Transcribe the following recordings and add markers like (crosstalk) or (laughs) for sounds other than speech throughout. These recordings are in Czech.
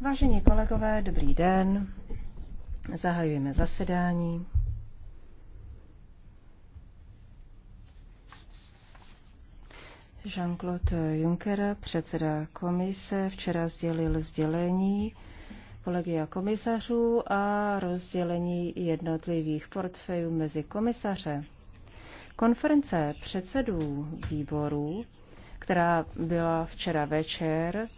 Vážení kolegové, dobrý den. Zahajujeme zasedání. Jean-Claude Juncker, předseda komise, včera sdělil sdělení kolegia komisařů a rozdělení jednotlivých portfejů mezi komisaře. Konference předsedů výborů, která byla včera večer,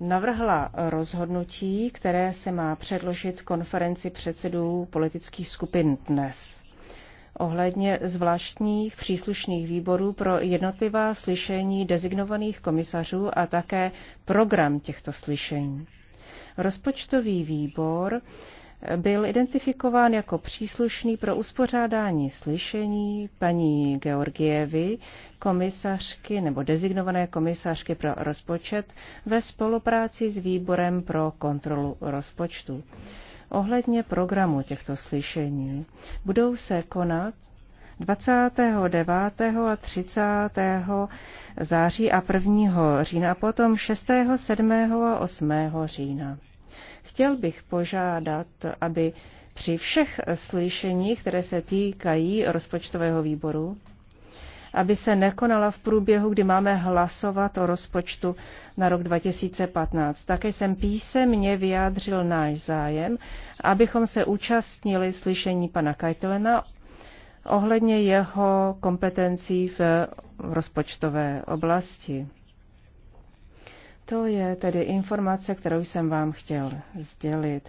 navrhla rozhodnutí, které se má předložit konferenci předsedů politických skupin dnes ohledně zvláštních příslušných výborů pro jednotlivá slyšení dezignovaných komisařů a také program těchto slyšení. Rozpočtový výbor byl identifikován jako příslušný pro uspořádání slyšení paní Georgievy, komisařky nebo dezignované komisařky pro rozpočet ve spolupráci s výborem pro kontrolu rozpočtu. Ohledně programu těchto slyšení budou se konat 29. a 30. září a 1. října a potom 6., 7. a 8. října. Chtěl bych požádat, aby při všech slyšeních, které se týkají rozpočtového výboru, aby se nekonala v průběhu, kdy máme hlasovat o rozpočtu na rok 2015. Také jsem písemně vyjádřil náš zájem, abychom se účastnili slyšení pana Kajtelena ohledně jeho kompetencí v rozpočtové oblasti. To je tedy informace, kterou jsem vám chtěl sdělit.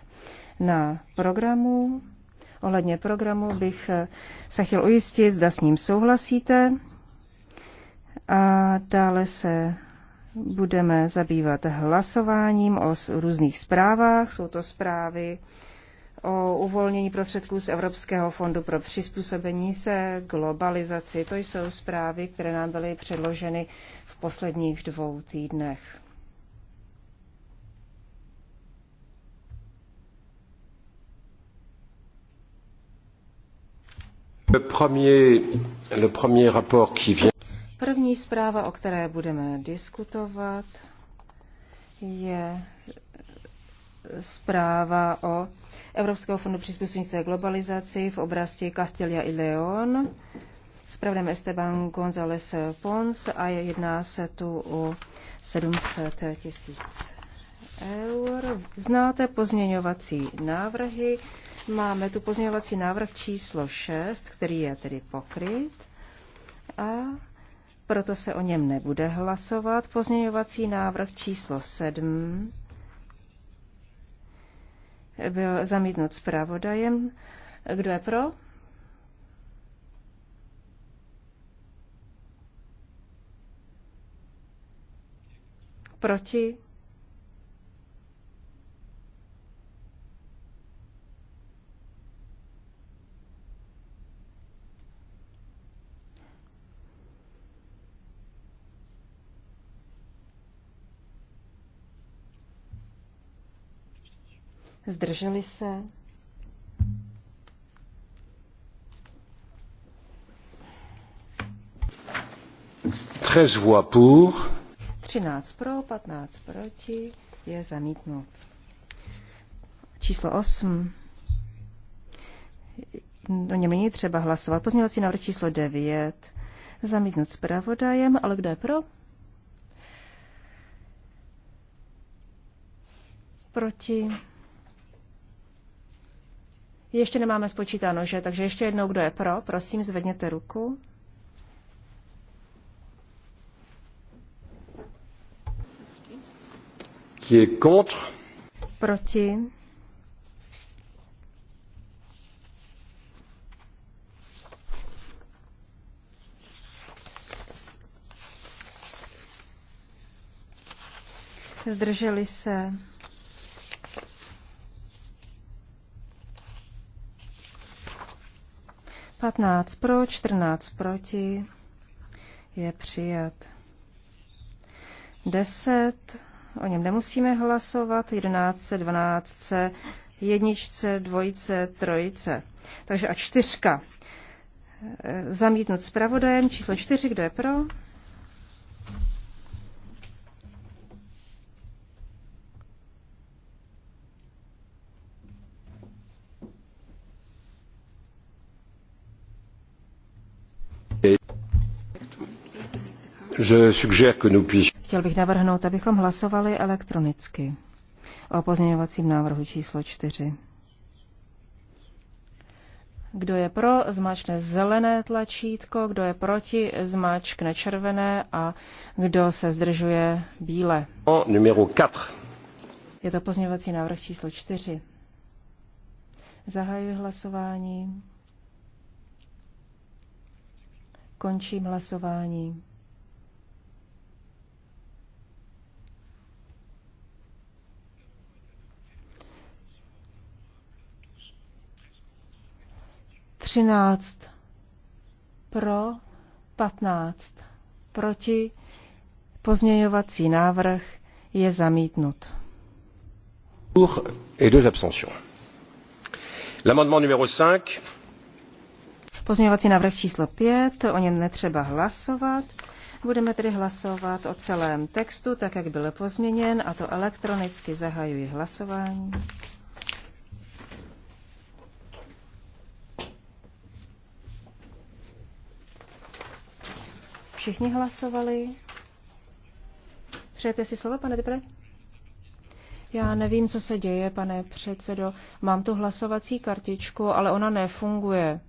Na programu, ohledně programu bych se chtěl ujistit, zda s ním souhlasíte. A dále se budeme zabývat hlasováním o různých zprávách. Jsou to zprávy o uvolnění prostředků z Evropského fondu pro přizpůsobení se globalizaci. To jsou zprávy, které nám byly předloženy v posledních dvou týdnech. První zpráva, o které budeme diskutovat, je zpráva o Evropského fondu přizpůsobení se globalizaci v oblasti Castilla i León. Spravodajem Esteban González Pons a jedná se tu o 700 tisíc eur. Znáte pozměňovací návrhy. Máme tu pozměňovací návrh číslo 6, který je tedy pokryt a proto se o něm nebude hlasovat. Pozměňovací návrh číslo 7 byl zamítnut zpravodajem. Kdo je pro? Proti? Zdrželi se? Pour. 13 pro, 15 proti, je zamítnut. Číslo 8. O něm není třeba hlasovat. Pozměňovací návrh číslo 9. Zamítnut pravodajem, ale kdo je pro? Proti. Ještě nemáme spočítáno, že? Takže ještě jednou, kdo je pro, prosím, zvedněte ruku. Proti. Zdrželi se. 15 pro, 14 proti. Je přijat. 10. O něm nemusíme hlasovat. 11, 12, jedničce, dvojice, trojice. Takže a čtyřka. E, Zamítnout zpravodajem číslo 4, kdo je pro? Chtěl bych navrhnout, abychom hlasovali elektronicky o pozměňovacím návrhu číslo 4. Kdo je pro, zmáčkne zelené tlačítko, kdo je proti, zmáčkne červené a kdo se zdržuje bílé. Je to pozměňovací návrh číslo 4. Zahajuji hlasování. Končím hlasování. 13 pro, 15 proti, pozměňovací návrh je zamítnut. Pour et deux abstentions. L'amendement numéro 5. Pozměňovací návrh číslo 5, o něm netřeba hlasovat. Budeme tedy hlasovat o celém textu, tak jak byl pozměněn, a to elektronicky zahajuji hlasování. Všichni hlasovali. Přejete si slovo, pane Depre? Já nevím, co se děje, pane předsedo. Mám tu hlasovací kartičku, ale ona nefunguje.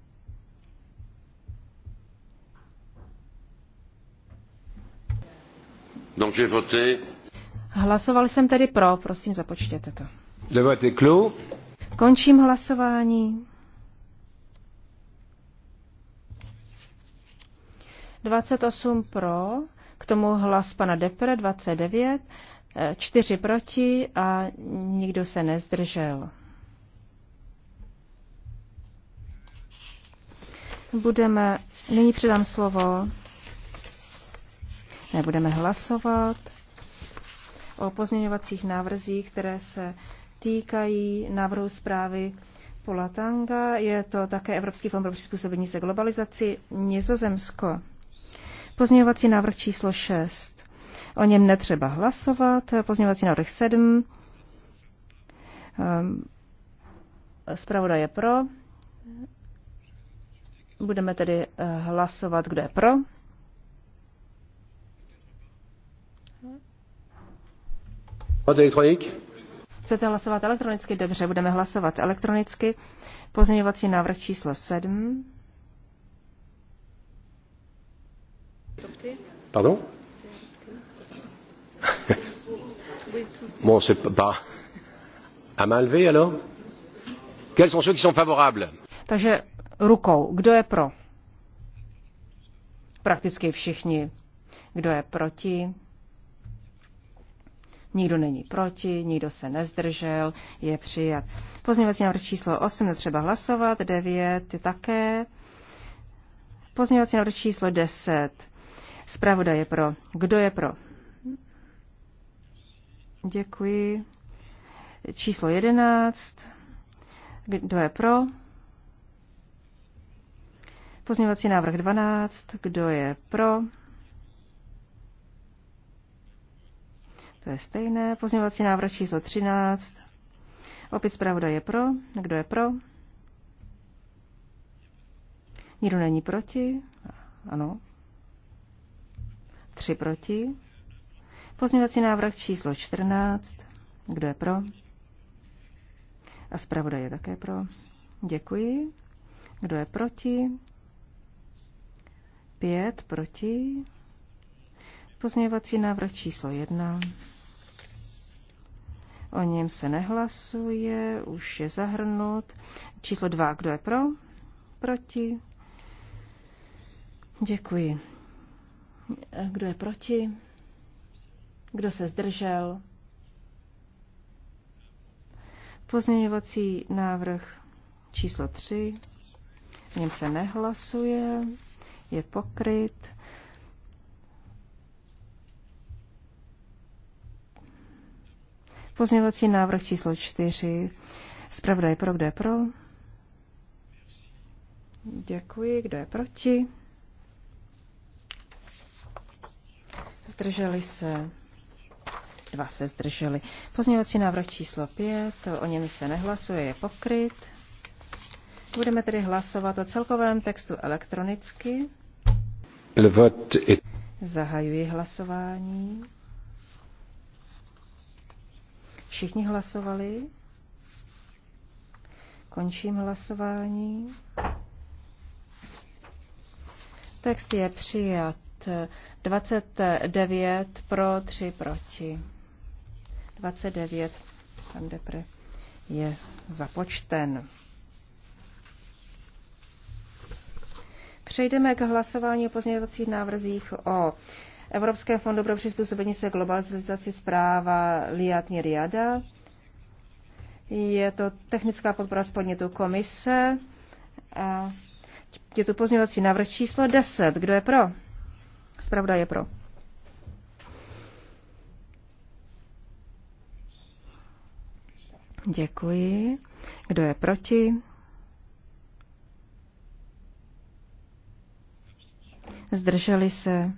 Donc j'ai voté. Hlasoval jsem tedy pro, prosím započtěte to. Le vote est clos. Končím hlasování. 28 pro, k tomu hlas pana Depre 29, 4 proti a nikdo se nezdržel. Budeme, nyní předám slovo, nebudeme hlasovat o pozměňovacích návrzích, které se týkají návrhu zprávy Polatanga. Je to také Evropský fond pro přizpůsobení se globalizaci Nizozemsko. Pozměňovací návrh číslo 6. O něm netřeba hlasovat. Pozměňovací návrh 7. Ehm, zpravodaj je pro. Budeme tedy eh, hlasovat, kdo je pro. Chcete hlasovat elektronicky? Dobře, budeme hlasovat elektronicky. Pozměňovací návrh číslo 7. Pardon Bon, c'est pas. À main levée alors Quels sont ceux qui sont favorables Takže rukou. Kdo je pro? Prakticky všichni. Kdo je proti? Nikdo není proti, nikdo se nezdržel, je přijat. Pozměňovací návrh číslo 8 netřeba hlasovat, 9 také. Pozměňovací návrh číslo 10 Zpravodaj je pro. Kdo je pro? Děkuji. Číslo 11. Kdo je pro? Pozměňovací návrh 12. Kdo je pro? To je stejné. Pozměňovací návrh číslo 13. Opět zpravodaj je pro. Kdo je pro? Nikdo není proti? Ano. 3 proti. Pozměňovací návrh číslo 14. Kdo je pro? A zpravodaj je také pro. Děkuji. Kdo je proti? 5 proti. Pozměňovací návrh číslo 1. O něm se nehlasuje, už je zahrnut. Číslo 2. Kdo je pro? Proti. Děkuji. Kdo je proti? Kdo se zdržel? Pozměňovací návrh číslo 3. V něm se nehlasuje, je pokryt. Pozměňovací návrh číslo 4. Zpravodaj pro, kdo je pro? Děkuji, kdo je proti? zdrželi se, dva se zdrželi. Pozměňovací návrh číslo 5, o něm se nehlasuje, je pokryt. Budeme tedy hlasovat o celkovém textu elektronicky. Zahajuji hlasování. Všichni hlasovali. Končím hlasování. Text je přijat 29 pro, 3 proti. 29, tam depre, je započten. Přejdeme k hlasování o pozměňovacích návrzích o Evropském fondu pro přizpůsobení se globalizaci zpráva Liat Riada. Je to technická podpora spodnětu komise. A je tu pozměňovací návrh číslo 10. Kdo je pro? Spravda je pro. Děkuji. Kdo je proti? Zdrželi se?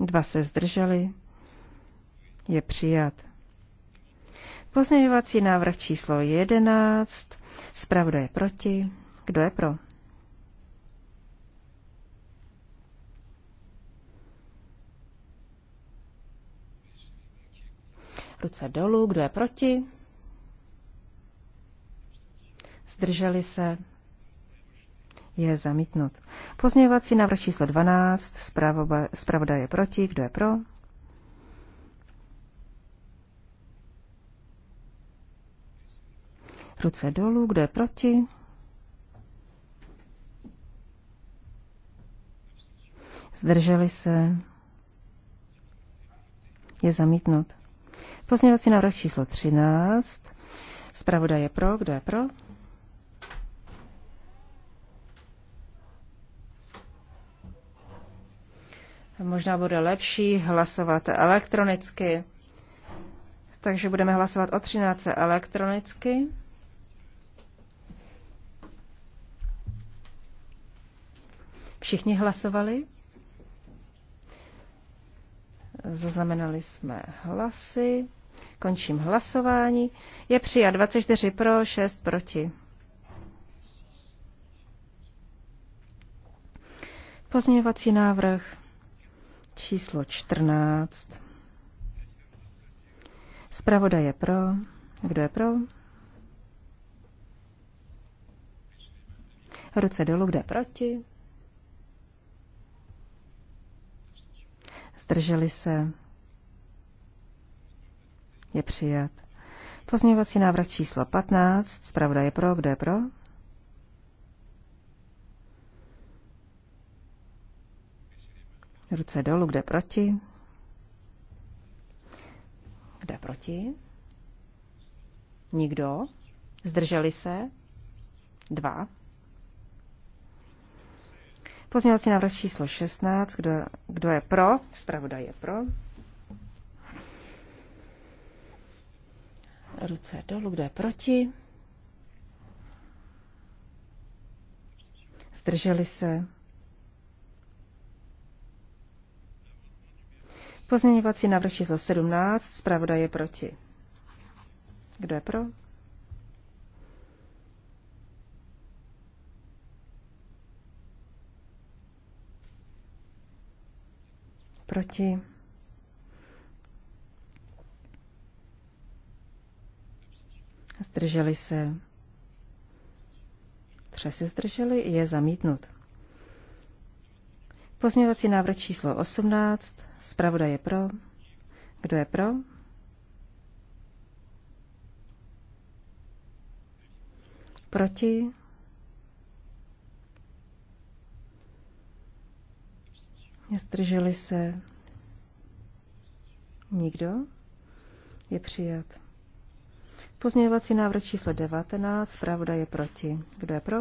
Dva se zdrželi. Je přijat. Pozměňovací návrh číslo 11. Spravda je proti. Kdo je pro? Ruce dolů, kdo je proti? Zdrželi se? Je zamítnut. Pozměňovací návrh číslo 12, zpravoda je proti, kdo je pro? Ruce dolů, kdo je proti? Zdrželi se? Je zamítnut. Pozměňovací návrh číslo 13. Zpravoda je pro. Kdo je pro? Možná bude lepší hlasovat elektronicky. Takže budeme hlasovat o 13 elektronicky. Všichni hlasovali? Zaznamenali jsme hlasy. Končím hlasování. Je přijat 24 pro, 6 proti. Pozměňovací návrh číslo 14. Zpravoda je pro. Kdo je pro? Ruce dolů, kde proti? Zdrželi se je přijat. Pozměňovací návrh číslo 15. Zpravda je pro. Kdo je pro? Ruce dolů. Kde proti? Kde proti? Nikdo. Zdrželi se? Dva. Pozměňovací návrh číslo 16. Kdo, kdo je pro? Zpravodaj je pro. ruce dolů, kdo je proti. Zdrželi se. Pozměňovací návrh číslo 17, zpravda je proti. Kdo je pro? Proti. zdrželi se, Tře se zdrželi, je zamítnut. Pozměňovací návrh číslo 18, Zpravoda je pro. Kdo je pro? Proti? Zdrželi se? Nikdo? Je přijat. Pozměňovací návrh číslo 19, pravda je proti. Kdo je pro?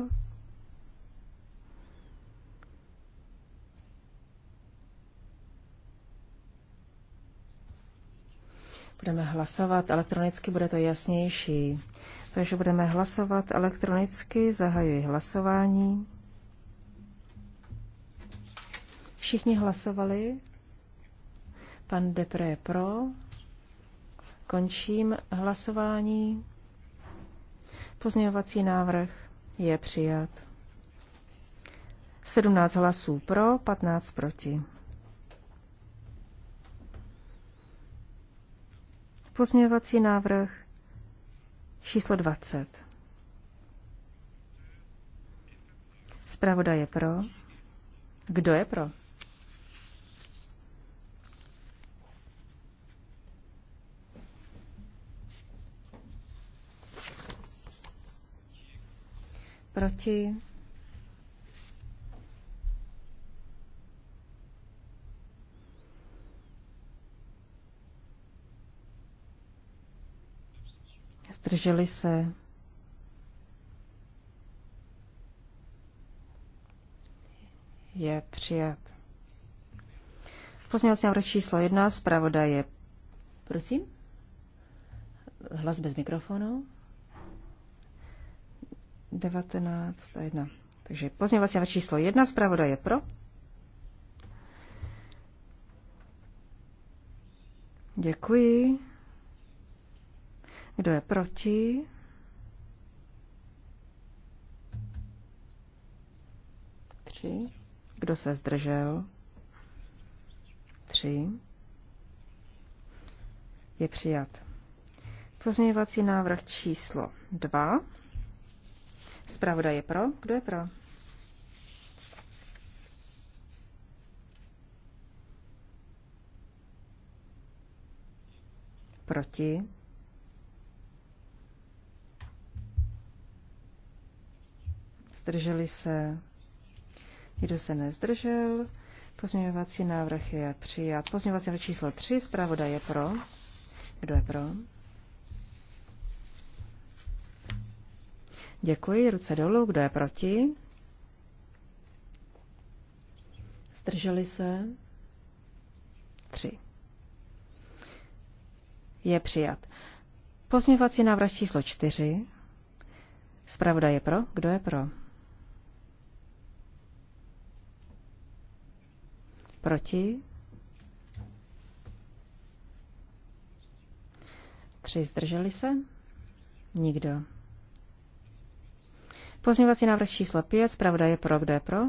Budeme hlasovat elektronicky, bude to jasnější. Takže budeme hlasovat elektronicky, zahajuji hlasování. Všichni hlasovali. Pan Depre je pro, Končím hlasování. Pozměňovací návrh je přijat. 17 hlasů pro, 15 proti. Pozměňovací návrh číslo 20. Zpravodaj je pro. Kdo je pro? Proti? Zdrželi se? Je přijat. jsem návrh číslo jedna, zpravodaje. Prosím? Hlas bez mikrofonu. 19 a 1. Takže pozměňovací návrh číslo 1, zpravoda je pro. Děkuji. Kdo je proti? Tři. Kdo se zdržel? Tři. Je přijat. Pozměňovací návrh číslo 2. Zpravodaj je pro. Kdo je pro? Proti? Zdrželi se? Nikdo se nezdržel. Pozměňovací návrh je přijat. Pozměňovací návrh číslo 3. Zpravodaj je pro. Kdo je pro? Děkuji. Ruce dolů. Kdo je proti? Zdrželi se? Tři. Je přijat. Pozměňovací návrh číslo čtyři. Spravda je pro. Kdo je pro? Proti? Tři zdrželi se? Nikdo. Pozměňovací návrh číslo 5, zpravda je pro, kde je pro?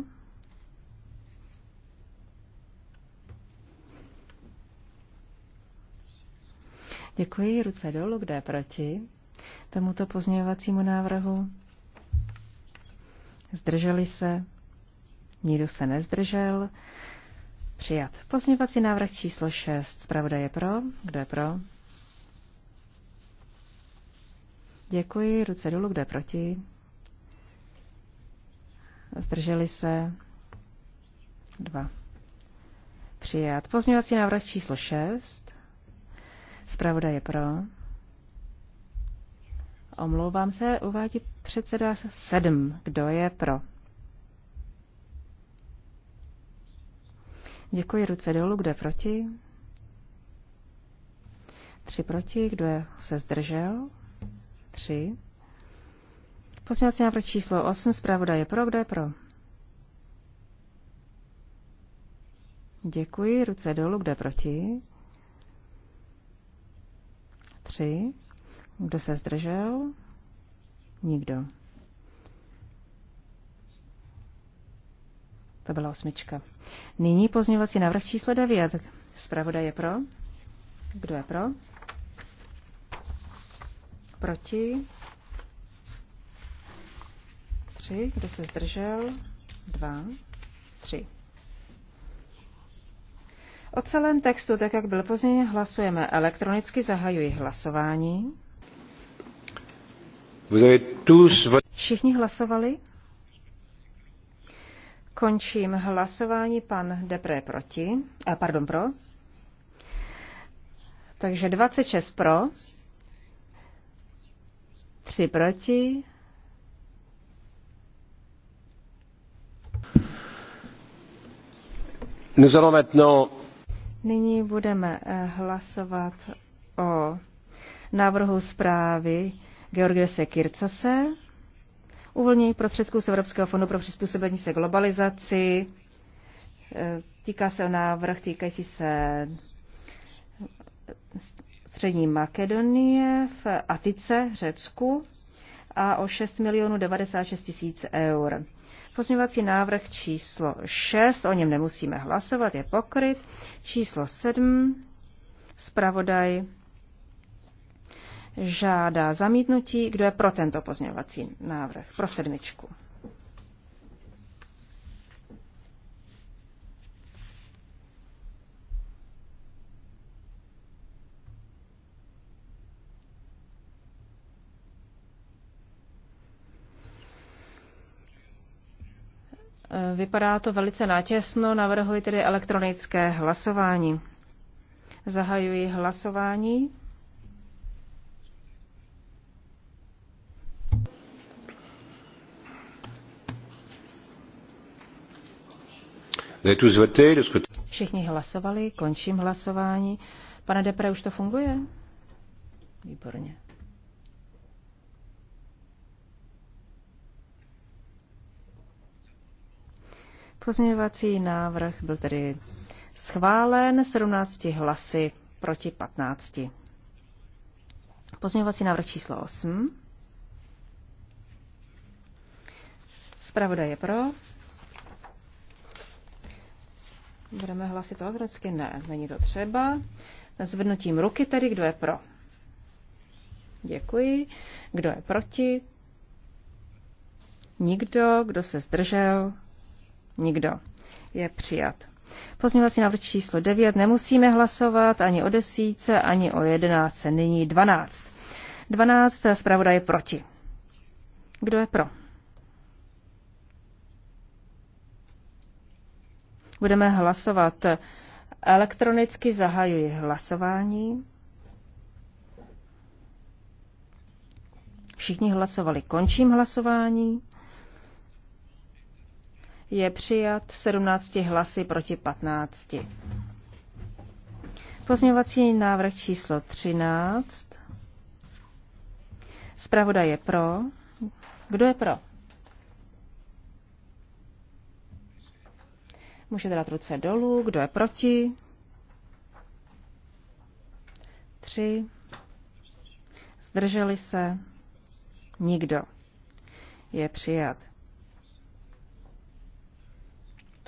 Děkuji, ruce dolů, kde je proti tomuto pozměňovacímu návrhu? Zdrželi se? Nikdo se nezdržel. Přijat. Pozměňovací návrh číslo 6. zpravda je pro. Kdo je pro? Děkuji. Ruce dolů. Kdo je proti? zdrželi se, dva. Přijat. Pozměňovací návrh číslo 6. Zpravoda je pro. Omlouvám se, uvádí předseda 7. Kdo je pro? Děkuji, ruce dolů. Kdo je proti? Tři proti. Kdo je se zdržel? Tři. Pozměňovací návrh číslo 8, zpravodaj je pro, kdo je pro? Děkuji, ruce dolů, kdo je proti? Tři. Kdo se zdržel? Nikdo. To byla osmička. Nyní pozměňovací návrh číslo 9. Zpravoda je pro. Kdo je pro? Proti? 3, kdo se zdržel, 2, 3. O celém textu, tak jak byl později, hlasujeme elektronicky, zahajuji hlasování. Všichni hlasovali? Končím hlasování, pan Depré proti, a eh, pardon, pro. Takže 26 pro, 3 proti, Nous allons maintenant... Nyní budeme eh, hlasovat o návrhu zprávy Georgese Kircose. Uvolnění prostředků z Evropského fondu pro přizpůsobení se globalizaci. Eh, týká se o návrh týkající se střední Makedonie v Atice, Řecku a o 6 milionů 96 tisíc eur. Pozměňovací návrh číslo 6, o něm nemusíme hlasovat, je pokryt. Číslo 7, zpravodaj žádá zamítnutí. Kdo je pro tento pozměňovací návrh? Pro sedmičku. Vypadá to velice nátěsno, navrhuji tedy elektronické hlasování. Zahajuji hlasování. Všichni hlasovali, končím hlasování. Pane Depre, už to funguje? Výborně. Pozměňovací návrh byl tedy schválen 17 hlasy proti 15. Pozměňovací návrh číslo 8. Zpravodaj je pro. Budeme hlasit elektronicky? Ne, není to třeba. Zvednutím ruky tedy, kdo je pro. Děkuji. Kdo je proti? Nikdo, kdo se zdržel? Nikdo. Je přijat. Pozměňovací návrh číslo 9. Nemusíme hlasovat ani o desíce, ani o jedenáctce. Nyní 12. 12. Eh, zpravodaj je proti. Kdo je pro? Budeme hlasovat elektronicky. Zahajuji hlasování. Všichni hlasovali. Končím hlasování je přijat 17 hlasy proti 15. Pozměňovací návrh číslo 13. Zpravodaj je pro. Kdo je pro? Můžete dát ruce dolů. Kdo je proti? Tři. Zdrželi se? Nikdo. Je přijat.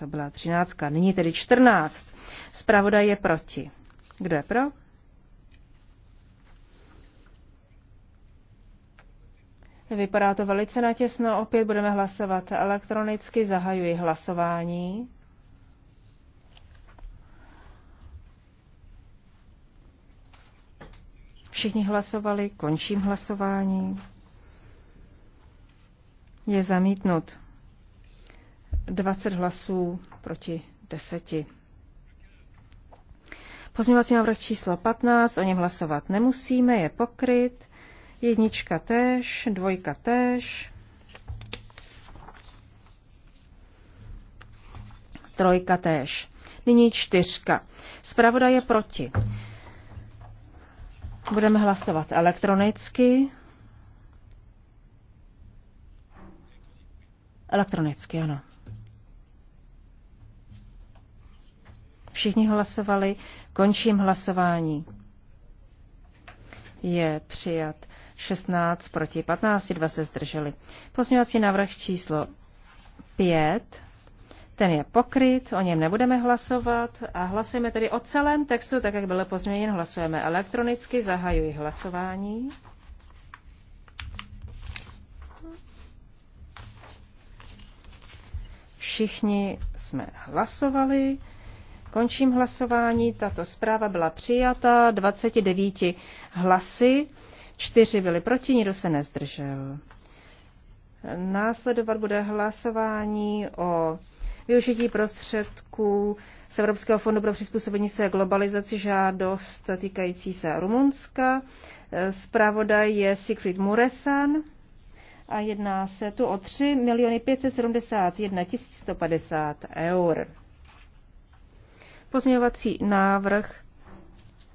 To byla třináctka. Nyní tedy čtrnáct. Zpravodaj je proti. Kdo je pro? Vypadá to velice natěsno. Opět budeme hlasovat elektronicky. Zahajuji hlasování. Všichni hlasovali, končím hlasování. Je zamítnut. 20 hlasů proti 10. Pozměňovací návrh číslo 15, o něm hlasovat nemusíme, je pokryt. Jednička tež, dvojka tež. Trojka tež. Nyní čtyřka. Zpravoda je proti. Budeme hlasovat elektronicky. Elektronicky, ano. Všichni hlasovali. Končím hlasování. Je přijat 16 proti 15, dva se zdrželi. Pozměňovací návrh číslo 5. Ten je pokryt, o něm nebudeme hlasovat a hlasujeme tedy o celém textu, tak jak byl pozměněn, hlasujeme elektronicky, zahajuji hlasování. Všichni jsme hlasovali, Končím hlasování. Tato zpráva byla přijata 29 hlasy, čtyři byli proti, nikdo se nezdržel. Následovat bude hlasování o využití prostředků z Evropského fondu pro přizpůsobení se globalizaci žádost týkající se Rumunska. Zpravodaj je Siegfried Muresan a jedná se tu o 3 571 150 eur. Pozměňovací návrh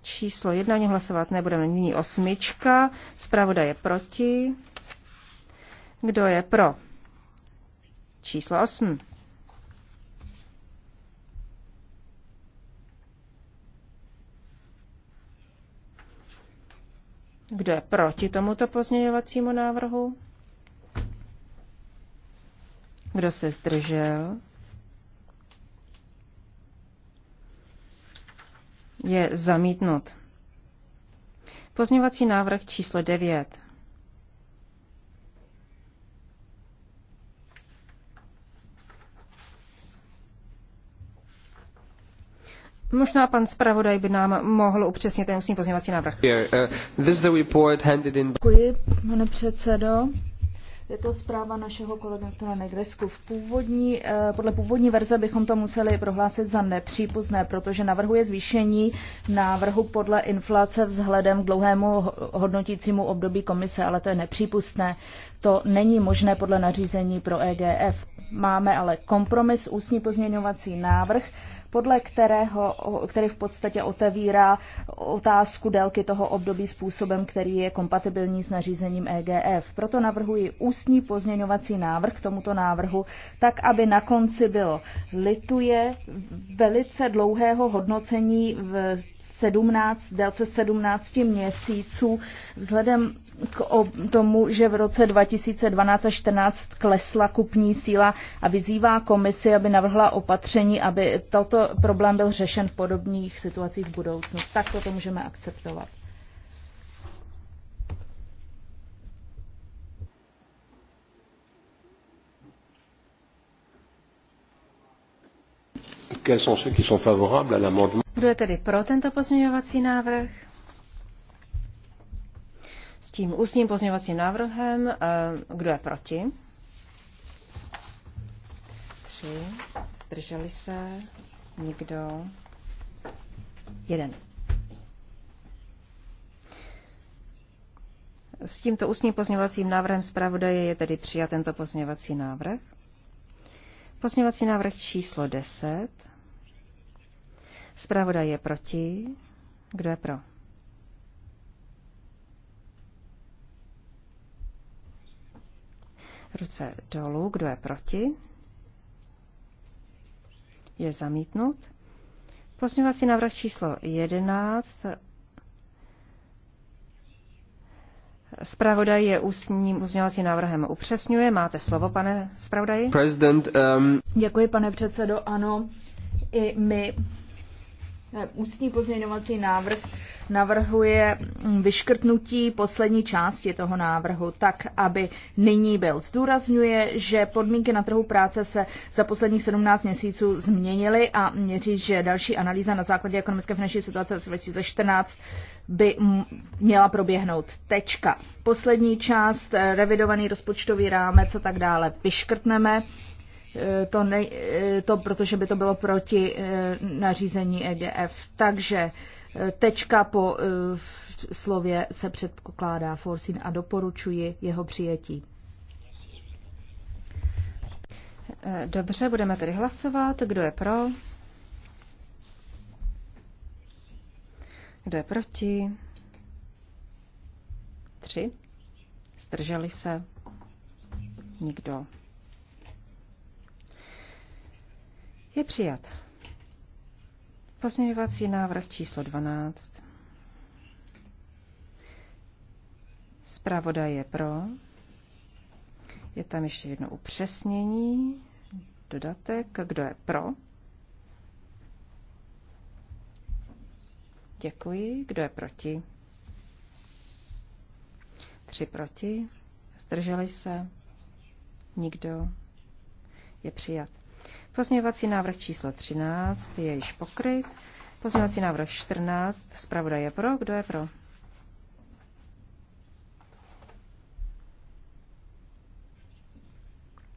číslo jedna, ani hlasovat nebudeme. Nyní osmička, zpravoda je proti. Kdo je pro? Číslo osm? Kdo je proti tomuto pozměňovacímu návrhu? Kdo se zdržel? je zamítnut. Pozměňovací návrh číslo 9. Možná pan zpravodaj by nám mohl upřesnit ten ústní pozměňovací návrh. Uh, Děkuji, pane předsedo. Je to zpráva našeho kolega doktora Negresku. V původní, eh, podle původní verze bychom to museli prohlásit za nepřípustné, protože navrhuje zvýšení návrhu podle inflace vzhledem k dlouhému hodnotícímu období komise, ale to je nepřípustné. To není možné podle nařízení pro EGF. Máme ale kompromis, ústní pozměňovací návrh podle kterého, který v podstatě otevírá otázku délky toho období způsobem, který je kompatibilní s nařízením EGF. Proto navrhuji ústní pozměňovací návrh k tomuto návrhu, tak aby na konci bylo lituje velice dlouhého hodnocení v 17, délce 17 měsíců, vzhledem k tomu, že v roce 2012 a 2014 klesla kupní síla a vyzývá komisi, aby navrhla opatření, aby toto problém byl řešen v podobných situacích v budoucnu. Tak toto můžeme akceptovat. Kdo je tedy pro tento pozměňovací návrh? S tím ústním pozměňovacím návrhem, eh, kdo je proti? Tři. Zdrželi se? Nikdo? Jeden. S tímto ústním pozměňovacím návrhem zpravodaje je tedy přijat tento pozměňovací návrh. Pozměňovací návrh číslo 10. Zpravodaj je proti. Kdo je pro? Ruce dolů. Kdo je proti? Je zamítnut. Pozměňovací návrh číslo 11. Spravodaj je ústním pozměňovacím návrhem upřesňuje. Máte slovo, pane zpravodaji? Um... Děkuji, pane předsedo. Ano, i my Ústní pozměňovací návrh navrhuje vyškrtnutí poslední části toho návrhu tak, aby nyní byl. Zdůrazňuje, že podmínky na trhu práce se za posledních 17 měsíců změnily a měří, že další analýza na základě ekonomické finanční situace v 2014 by měla proběhnout. Tečka. Poslední část, eh, revidovaný rozpočtový rámec a tak dále vyškrtneme Eh, to, ne, eh, to protože by to bylo proti eh, nařízení EGF. Takže tečka po slově se předpokládá Forsin a doporučuji jeho přijetí. Dobře, budeme tedy hlasovat. Kdo je pro? Kdo je proti? Tři. Zdrželi se? Nikdo. Je přijat. Pozměňovací návrh číslo 12. Zpravodaj je pro. Je tam ještě jedno upřesnění, dodatek, kdo je pro. Děkuji. Kdo je proti? Tři proti. Zdrželi se? Nikdo. Je přijat. Pozměňovací návrh číslo 13 je již pokryt. Pozměňovací návrh 14, zpravodaj je pro, kdo je pro?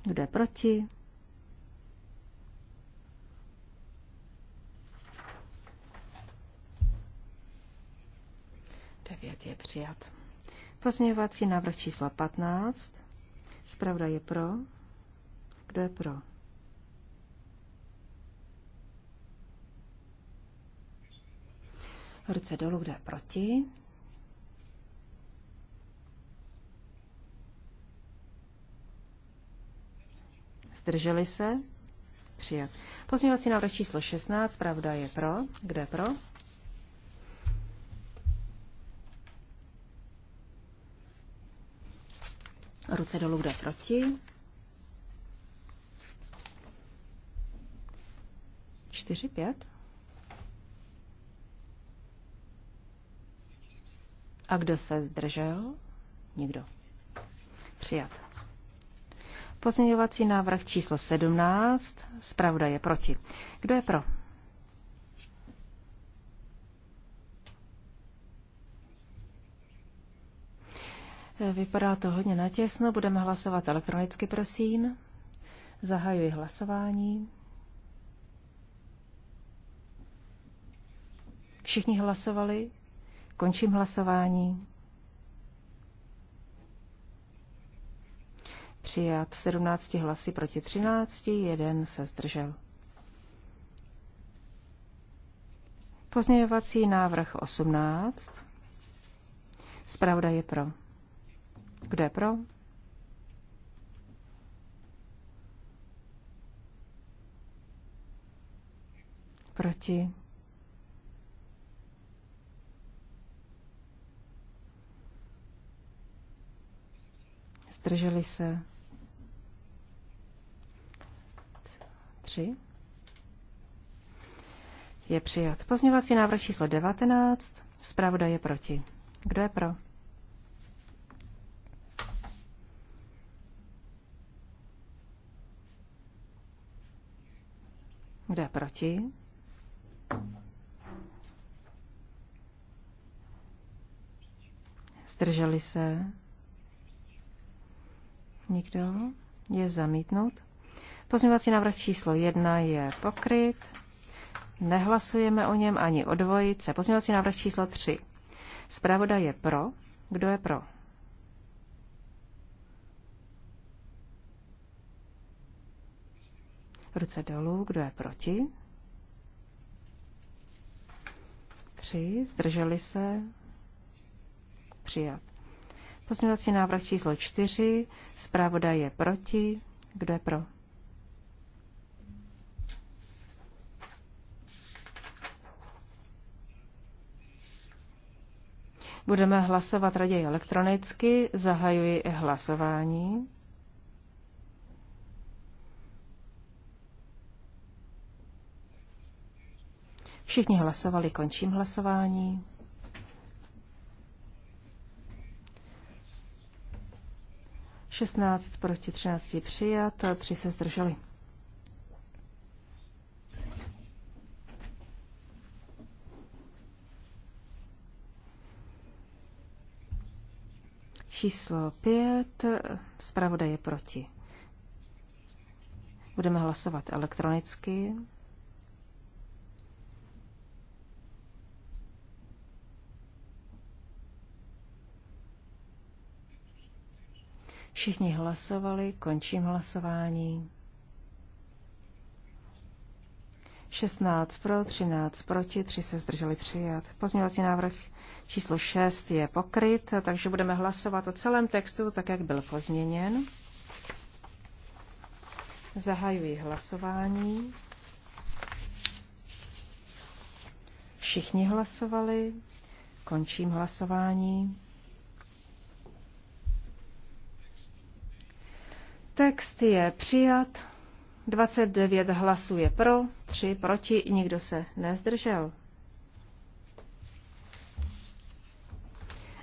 Kdo je proti? Devět je přijat. Pozměňovací návrh číslo 15. Zpravda je pro. Kdo je pro? Ruce dolů, kdo je proti? Zdrželi se? Přijat. Pozměňovací návrh číslo 16, pravda je pro. kde pro? Ruce dolů, kdo je proti? Čtyři, pět. A kdo se zdržel? Nikdo. Přijat. Pozměňovací návrh číslo 17. Spravda je proti. Kdo je pro? Vypadá to hodně natěsno. Budeme hlasovat elektronicky, prosím. Zahajuji hlasování. Všichni hlasovali. Končím hlasování. Přijat 17 hlasy proti 13, jeden se zdržel. Pozměňovací návrh 18. Spravda je pro. Kdo je pro? Proti. Zdrželi se? Tři. Je přijat. Pozměňovací návrh číslo 19. Zpravda je proti. Kdo je pro? Kdo je proti? Zdrželi se? Nikdo? Je zamítnut. Pozměňovací návrh číslo 1 je pokryt. Nehlasujeme o něm ani o dvojice. Pozměňovací návrh číslo 3. Zpravoda je pro. Kdo je pro? Ruce dolů. Kdo je proti? Tři. Zdrželi se. Přijat. Pozměňovací návrh číslo 4. Zpravodaj je proti. Kdo je pro? Budeme hlasovat raději elektronicky. Zahajuji hlasování. Všichni hlasovali, končím hlasování. 16 proti 13 přijat, 3 se zdrželi. Číslo 5. Zpravodaj je proti. Budeme hlasovat elektronicky. Všichni hlasovali, končím hlasování. 16 pro, 13 proti, 3 se zdrželi přijat. Pozměňovací návrh číslo 6 je pokryt, takže budeme hlasovat o celém textu, tak jak byl pozměněn. Zahajuji hlasování. Všichni hlasovali. Končím hlasování. Text je přijat. 29 hlasů je pro, 3 proti, nikdo se nezdržel.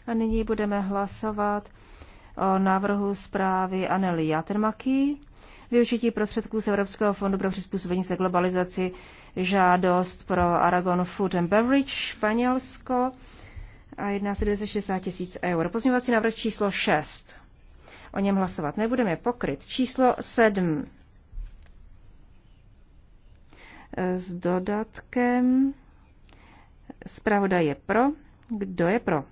A nyní budeme hlasovat o návrhu zprávy Anely Jatermaky. Využití prostředků z Evropského fondu pro přizpůsobení se globalizaci žádost pro Aragon Food and Beverage Španělsko a jedná se 260 tisíc eur. Pozměňovací návrh číslo 6 o něm hlasovat nebudeme. Pokryt číslo 7 s dodatkem zpravodaj je pro. Kdo je pro?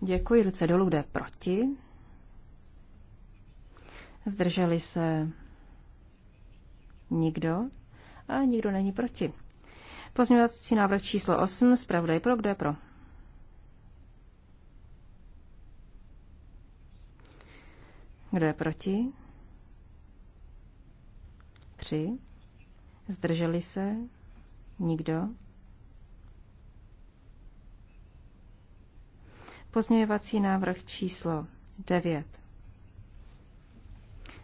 Děkuji. Ruce dolů jde proti. Zdrželi se nikdo a nikdo není proti. Pozměňovací návrh číslo 8, zpravodaj pro, kdo je pro? Kdo je proti? Tři. Zdrželi se? Nikdo. Pozměňovací návrh číslo 9.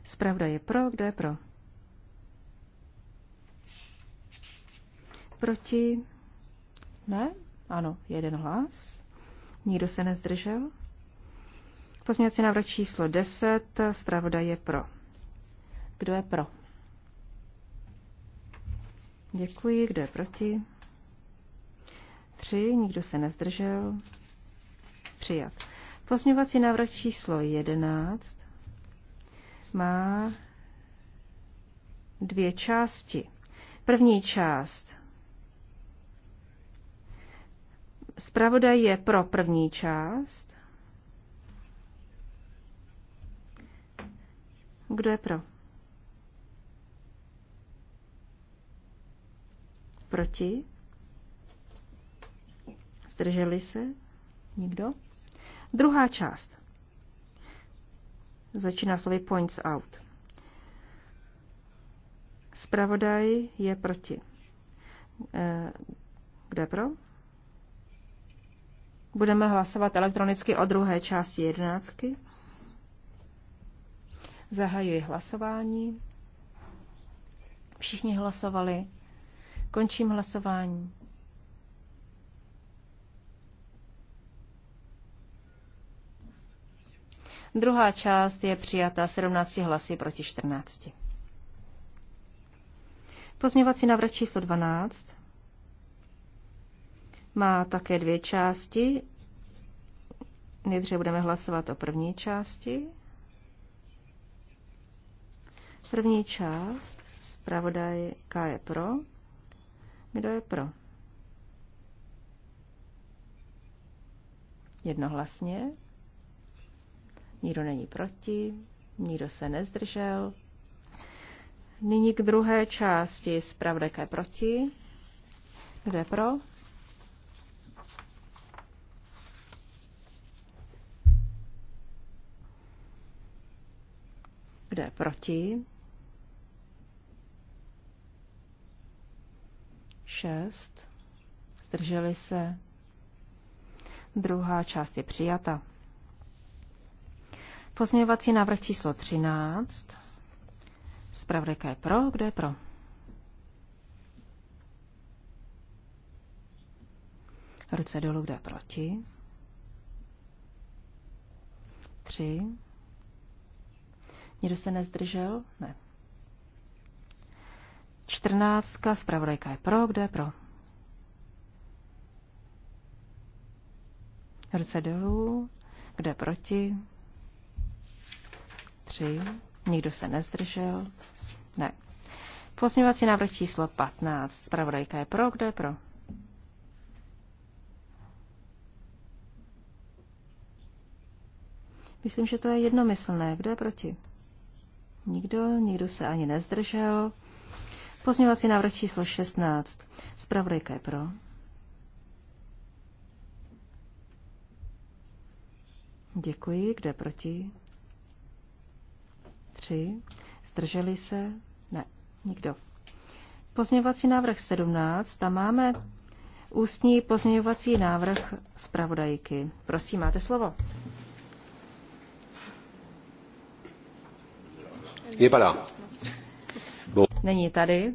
Spravda je pro, kdo je pro? Proti? Ne? Ano, jeden hlas. Nikdo se nezdržel. Pozměňovací návrh číslo 10. zpravoda je pro. Kdo je pro? Děkuji. Kdo je proti? Tři. Nikdo se nezdržel. Přijat. Pozměňovací návrh číslo 11 má dvě části. První část Spravodaj je pro první část. Kdo je pro? Proti? Zdrželi se? Nikdo? Druhá část. Začíná slovy points out. Spravodaj je proti. Eh, Kde pro? Budeme hlasovat elektronicky o druhé části jedenáctky. Zahajuji hlasování. Všichni hlasovali. Končím hlasování. Druhá část je přijata 17 hlasy proti 14. Pozměňovací návrh číslo 12. Má také dvě části. Nejdříve budeme hlasovat o první části. První část zpravodajka je pro. Kdo je pro? Jednohlasně. Nikdo není proti, nikdo se nezdržel. Nyní k druhé části zpravodajka je proti. Kdo je pro? Kdo je proti? 6. Zdrželi se. Druhá část je přijata. Pozměňovací návrh číslo 13. Zpravodajka je pro. Kdo je pro? Ruce dolů, kdo je proti? 3. Nikdo se nezdržel? Ne. Čtrnáctka, zpravodajka je pro, kdo je pro? Ruce dolů, kdo je proti? Tři, nikdo se nezdržel? Ne. Pozměňovací návrh číslo 15, zpravodajka je pro, kdo je pro? Myslím, že to je jednomyslné. Kdo je proti? Nikdo, nikdo se ani nezdržel. Pozměňovací návrh číslo 16. Zpravodajka je pro. Děkuji. Kdo je proti? Tři. Zdrželi se? Ne, nikdo. Pozměňovací návrh 17. Tam máme ústní pozměňovací návrh zpravodajky. Prosím, máte slovo. Je padá. Není tady.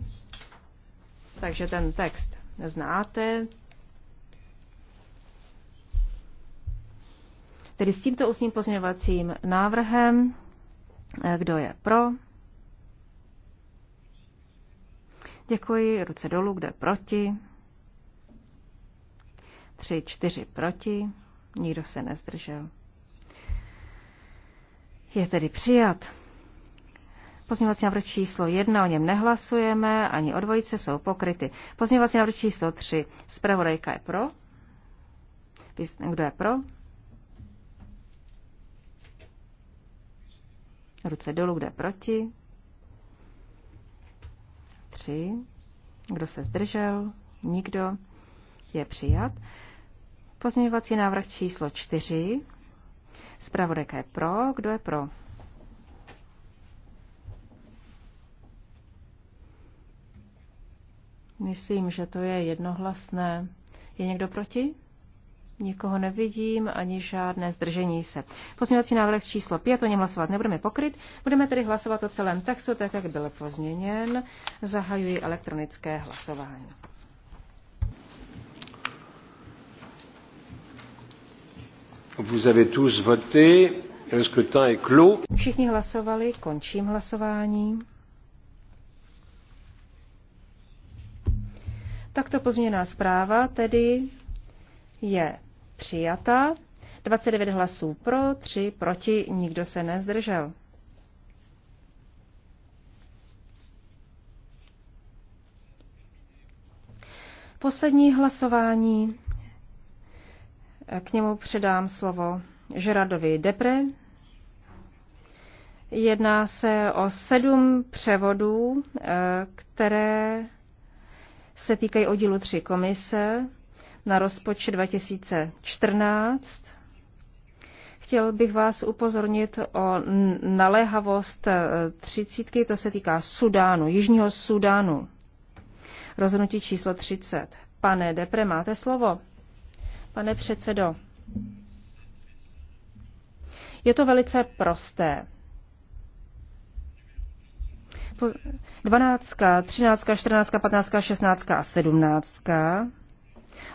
Takže ten text neznáte. Tedy s tímto ústním pozměňovacím návrhem, eh, kdo je pro? Děkuji, ruce dolů, kde proti? Tři, čtyři proti, nikdo se nezdržel. Je tedy přijat. Pozměňovací návrh číslo 1, o něm nehlasujeme, ani o dvojice jsou pokryty. Pozměňovací návrh číslo 3, zpravodajka je pro. Kdo je pro? Ruce dolů, kde proti? Tři. Kdo se zdržel? Nikdo. Je přijat. Pozměňovací návrh číslo čtyři. Zpravodajka je pro. Kdo je pro? Myslím, že to je jednohlasné. Je někdo proti? Nikoho nevidím, ani žádné zdržení se. Pozměňovací návrh číslo 5, o něm hlasovat nebudeme pokryt. Budeme tedy hlasovat o celém textu, tak jak byl pozměněn. Zahajuji elektronické hlasování. Vous avez tous voté. Le scrutin est clos. Všichni hlasovali, končím hlasování. Takto pozměněná zpráva tedy je přijata. 29 hlasů pro, 3 proti, nikdo se nezdržel. Poslední hlasování, k němu předám slovo Žeradovi Depre. Jedná se o sedm převodů, eh, které se týkají oddílu 3 komise na rozpočet 2014. Chtěl bych vás upozornit o naléhavost třicítky, to se týká Sudánu, Jižního Sudánu. Rozhodnutí číslo 30. Pane Depre, máte slovo. Pane předsedo, je to velice prosté. 12, 13, 14, 15, 16 a 17,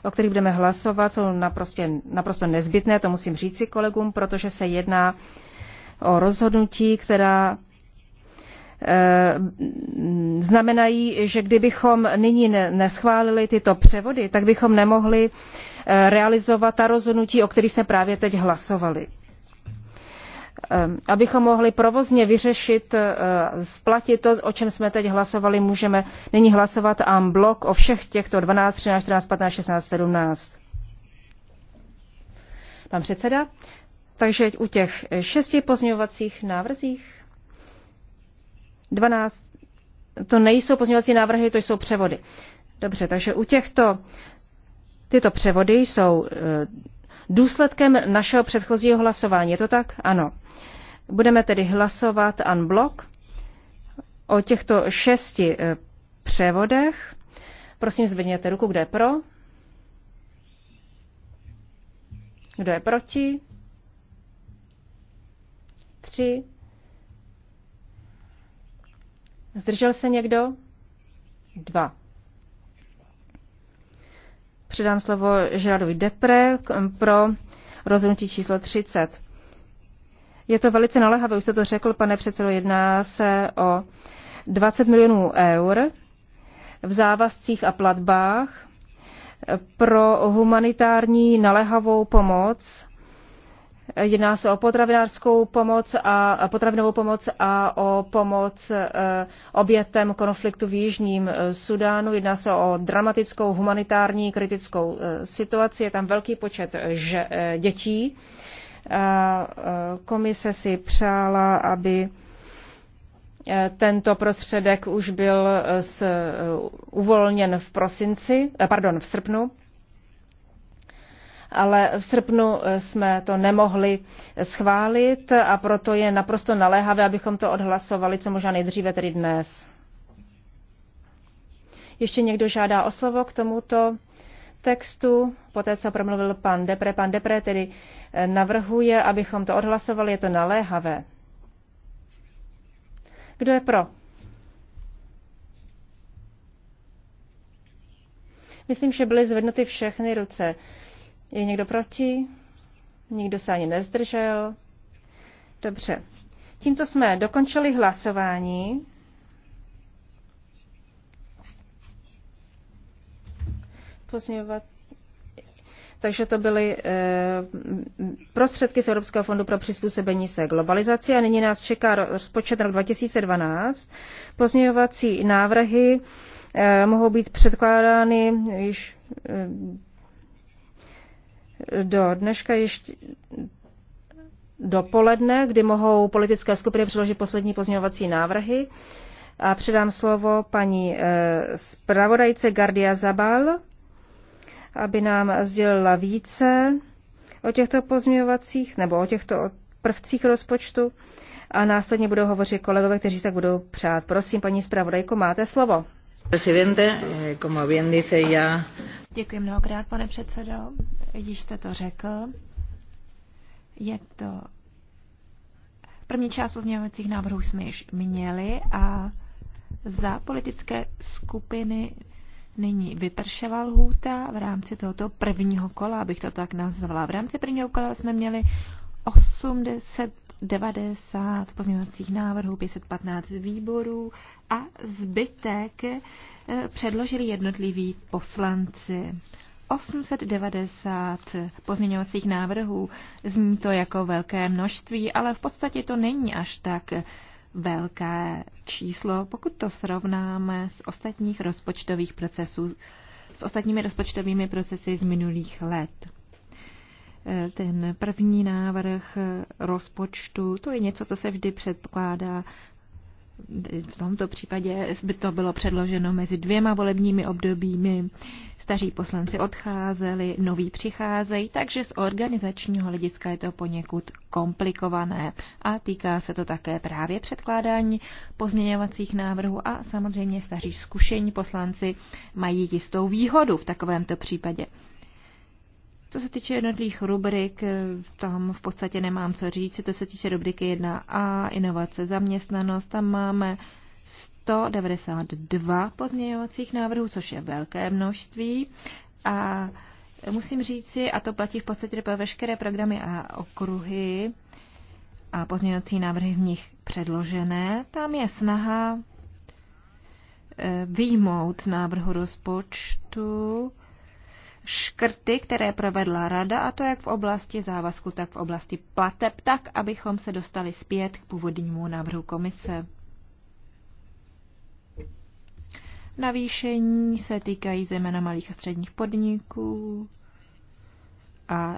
o kterých budeme hlasovat, jsou naprostě, naprosto nezbytné, to musím říct si kolegům, protože se jedná o rozhodnutí, která eh, znamenají, že kdybychom nyní neschválili tyto převody, tak bychom nemohli eh, realizovat ta rozhodnutí, o kterých se právě teď hlasovali. Eh, abychom mohli provozně vyřešit, eh, splatit to, o čem jsme teď hlasovali, můžeme nyní hlasovat a blok o všech těchto 12, 13, 14, 15, 16, 17. Pan předseda, takže u těch šesti pozměňovacích návrzích 12, to nejsou pozměňovací návrhy, to jsou převody. Dobře, takže u těchto, tyto převody jsou eh, důsledkem našeho předchozího hlasování. Je to tak? Ano. Budeme tedy hlasovat unblock o těchto šesti eh, převodech. Prosím, zvedněte ruku, kdo je pro. Kdo je proti? Tři. Zdržel se někdo? Dva. Předám slovo Žeradovi Depre pro rozhodnutí číslo 30. Je to velice naléhavé, už jste to řekl, pane předsedo, jedná se o 20 milionů eur v závazcích a platbách pro humanitární naléhavou pomoc Jedná se o potravinářskou pomoc a potravinovou pomoc a o pomoc e, obětem konfliktu v Jižním e, Sudánu. Jedná se o dramatickou humanitární kritickou e, situaci. Je tam velký počet dětí. Komise si přála, aby tento prostředek už byl uvolněn v prosinci, pardon, v srpnu ale v srpnu eh, jsme to nemohli schválit a proto je naprosto naléhavé, abychom to odhlasovali co možná nejdříve, tedy dnes. Ještě někdo žádá o slovo k tomuto textu, poté co promluvil pan Depre. Pan Depre tedy eh, navrhuje, abychom to odhlasovali, je to naléhavé. Kdo je pro? Myslím, že byly zvednuty všechny ruce. Je někdo proti? Nikdo se ani nezdržel. Dobře. Tímto jsme dokončili hlasování. Pozměňovat. Takže to byly e, prostředky z Evropského fondu pro přizpůsobení se globalizaci a nyní nás čeká rozpočet rok 2012. Pozměňovací návrhy e, mohou být předkládány již e, do dneška ještě dopoledne, kdy mohou politické skupiny přiložit poslední pozměňovací návrhy. A předám slovo paní eh, zpravodajce Gardia Zabal, aby nám sdělila více o těchto pozměňovacích nebo o těchto prvcích rozpočtu a následně budou hovořit kolegové, kteří se budou přát. Prosím, paní zpravodajko, máte slovo. Eh, Děkuji mnohokrát, pane předsedo. Již jste to řekl. Je to... První část pozměňovacích návrhů jsme již měli a za politické skupiny nyní vypršela lhůta v rámci tohoto prvního kola, abych to tak nazvala. V rámci prvního kola jsme měli 80 90 pozměňovacích návrhů, 515 výborů a zbytek eh, předložili jednotliví poslanci. 890 pozměňovacích návrhů zní to jako velké množství, ale v podstatě to není až tak velké číslo, pokud to srovnáme s ostatních rozpočtových procesů, s ostatními rozpočtovými procesy z minulých let ten první návrh rozpočtu, to je něco, co se vždy předpokládá v tomto případě by to bylo předloženo mezi dvěma volebními obdobími. Staří poslanci odcházeli, noví přicházejí, takže z organizačního hlediska je to poněkud komplikované. A týká se to také právě předkládání pozměňovacích návrhů a samozřejmě staří zkušení poslanci mají jistou výhodu v takovémto případě. Co se týče jednotlivých rubrik, eh, tam v podstatě nemám co říct. To se týče rubriky 1a, inovace, zaměstnanost, tam máme 192 pozměňovacích návrhů, což je velké množství. A musím říci, a to platí v podstatě pro veškeré programy a okruhy a pozměňovací návrhy v nich předložené, tam je snaha eh, výjmout z návrhu rozpočtu škrty, které provedla Rada, a to jak v oblasti závazku, tak v oblasti plateb, tak, abychom se dostali zpět k původnímu návrhu komise. Navýšení se týkají zejména malých a středních podniků a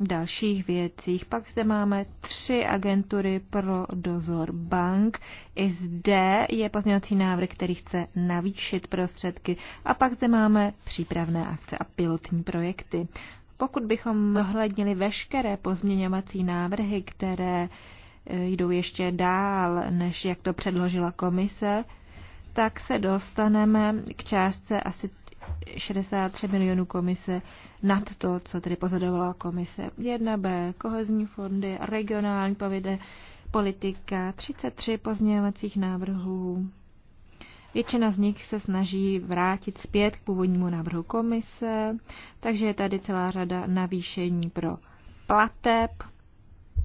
dalších věcích. Pak zde máme tři agentury pro dozor bank. I zde je pozměňovací návrh, který chce navýšit prostředky. A pak zde máme přípravné akce a pilotní projekty. Pokud bychom dohlednili veškeré pozměňovací návrhy, které eh, jdou ještě dál, než jak to předložila komise, tak se dostaneme k částce asi 63 milionů komise nad to, co tedy pozadovala komise 1B, kohezní fondy, regionální povede, politika, 33 pozměňovacích návrhů. Většina z nich se snaží vrátit zpět k původnímu návrhu komise, takže je tady celá řada navýšení pro plateb,